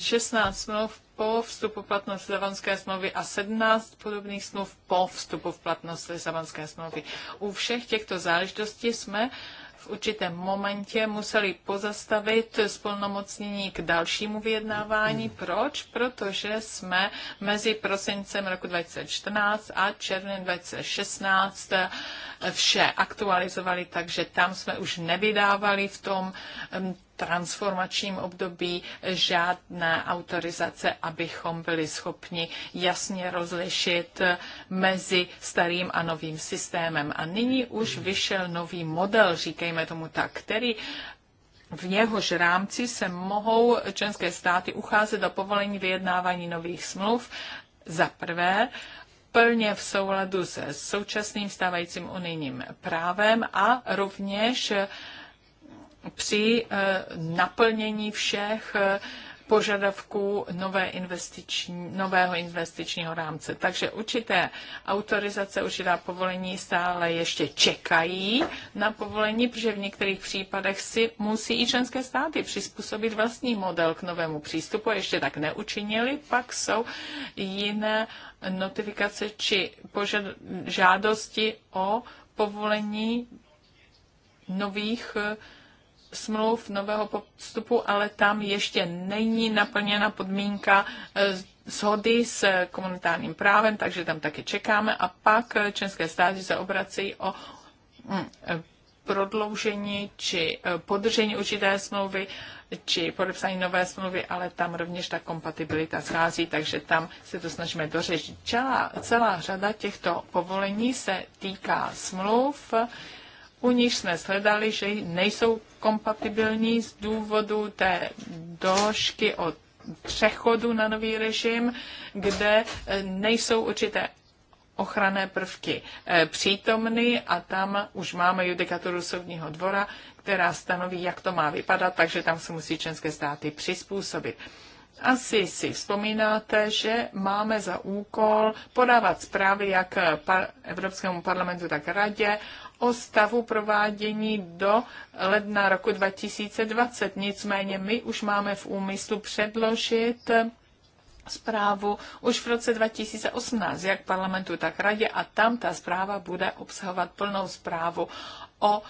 Speaker 3: 16 smluv po vstupu v platnost Lisabonské smlouvy a 17 podobných smluv po vstupu v platnost Lisabonské smlouvy. U všech těchto záležitostí jsme uh, v určitém momentě museli pozastavit spolnomocnění k dalšímu vyjednávání. Hmm. Proč? Protože jsme mezi prosincem roku 2014 a červnem 2016 vše aktualizovali, takže tam jsme už nevydávali v tom transformačním období žádné autorizace, abychom byli schopni jasně rozlišit eh, mezi starým a novým systémem. A nyní už vyšel nový model, říkejme tomu tak, který v jehož rámci se mohou členské státy ucházet do povolení vyjednávání nových smluv. Za prvé, plně v souladu se současným stávajícím unijním právem a rovněž při eh, naplnění všech eh, požadavků nové investiční, nového investičního rámce. Takže určité autorizace, určitá povolení stále ještě čekají na povolení, protože v některých případech si musí i členské státy přizpůsobit vlastní model k novému přístupu. Ještě tak neučinili, pak jsou jiné notifikace či požad, žádosti o povolení nových uh, smluv nového postupu, ale tam ještě není naplněna podmínka e, shody s komunitárním právem, takže tam také čekáme a pak e, české státy se obrací o mm, e, prodloužení či podržení určité smlouvy či podepsání nové smlouvy, ale tam rovněž ta kompatibilita schází, takže tam se to snažíme dořešit. Celá, celá řada těchto povolení se týká smluv, u nich jsme shledali, že nejsou kompatibilní z důvodu té doložky o přechodu na nový režim, kde e, nejsou určité ochranné prvky e, přítomny a tam už máme judikaturu soudního dvora, která stanoví, jak to má vypadat, takže tam se musí členské státy přizpůsobit. Asi si vzpomínáte, že máme za úkol podávat zprávy jak Evropskému parlamentu, tak Radě o stavu provádění do ledna roku 2020. Nicméně my už máme v úmyslu předložit zprávu už v roce 2018, jak parlamentu, tak radě, a tam ta zpráva bude obsahovat plnou zprávu o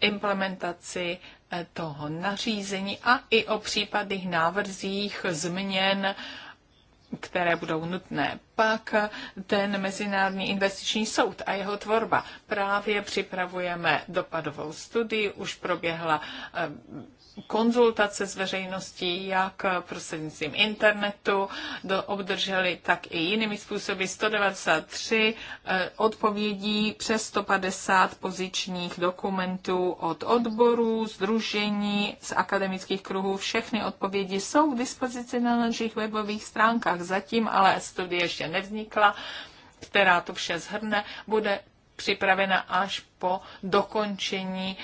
Speaker 3: implementaci eh, toho nařízení a i o případných návrzích změn které budou nutné. Pak ten Mezinárodní investiční soud a jeho tvorba. Právě připravujeme dopadovou studii, už proběhla konzultace s veřejností, jak prostřednictvím internetu, do, obdrželi tak i jinými způsoby 193 eh, odpovědí přes 150 pozičních dokumentů od odborů, združení, z akademických kruhů. Všechny odpovědi jsou k dispozici na našich webových stránkách. Zatím ale studie ještě nevznikla která to vše zhrne, bude připravena až po dokončení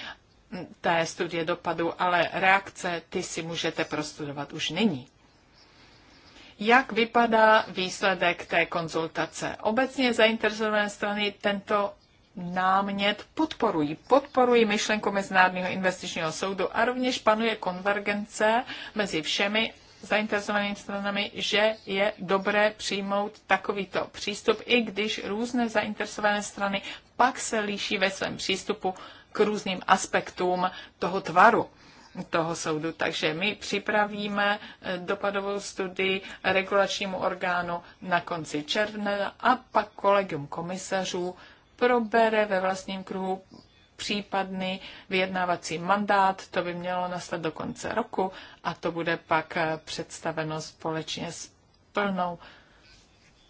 Speaker 3: té studie dopadu, ale reakce ty si můžete prostudovat už nyní. Jak vypadá výsledek té konzultace? Obecně zainteresované strany tento námět podporují. Podporují myšlenku Mezinárodního investičního soudu a rovněž panuje konvergence mezi všemi zainteresovanými stranami, že je dobré přijmout takovýto přístup, i když různé zainteresované strany pak se líší ve svém přístupu k různým aspektům toho tvaru toho soudu. Takže my připravíme eh, dopadovou studii regulačnímu orgánu na konci června a pak kolegium komisařů probere ve vlastním kruhu případný vyjednávací mandát, to by mělo nastat do konce roku a to bude pak eh, představeno společně s plnou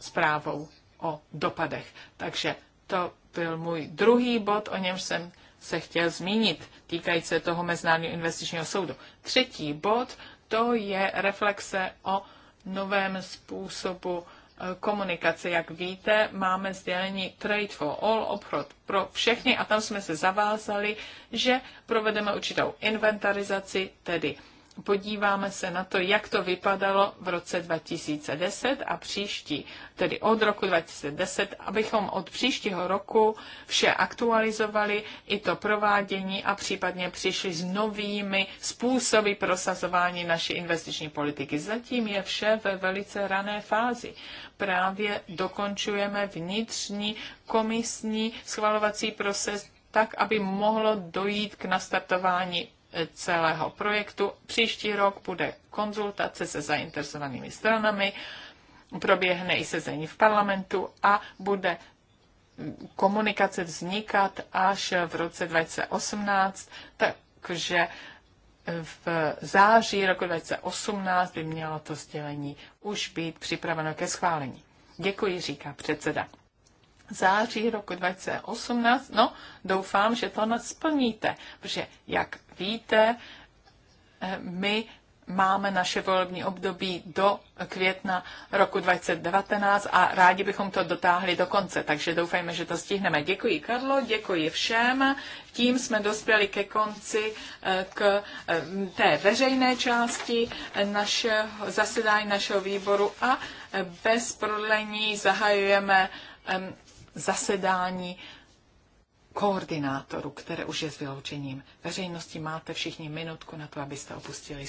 Speaker 3: zprávou o dopadech. Takže to byl můj druhý bod, o němž jsem se chtěl zmínit, týkající se toho Mezinárodního investičního soudu. Třetí bod, to je reflexe o novém způsobu eh, komunikace. Jak víte, máme sdělení Trade for All, obchod pro všechny a tam jsme se zavázali, že provedeme určitou inventarizaci, tedy podíváme se na to, jak to vypadalo v roce 2010 a příští, tedy od roku 2010, abychom od příštího roku vše aktualizovali, i to provádění a případně přišli s novými způsoby prosazování naší investiční politiky. Zatím je vše ve velice rané fázi. Právě dokončujeme vnitřní komisní schvalovací proces tak, aby mohlo dojít k nastartování celého projektu. Příští rok bude konzultace se zainteresovanými stranami, proběhne i sezení v parlamentu a bude komunikace vznikat až v roce 2018, takže v září roku 2018 by mělo to sdělení už být připraveno ke schválení. Děkuji, říká předseda září roku 2018, no doufám, že to splníte, protože jak víte, eh, my máme naše volební období do května roku 2019 a rádi bychom to dotáhli do konce, takže doufejme, že to stihneme. Děkuji Karlo, děkuji všem. Tím jsme dospěli ke konci eh, k eh, té veřejné části našeho zasedání našeho výboru a bez prodlení zahajujeme zasedání koordinátoru, které už je s vyloučením veřejnosti. Máte všichni minutku na to, abyste opustili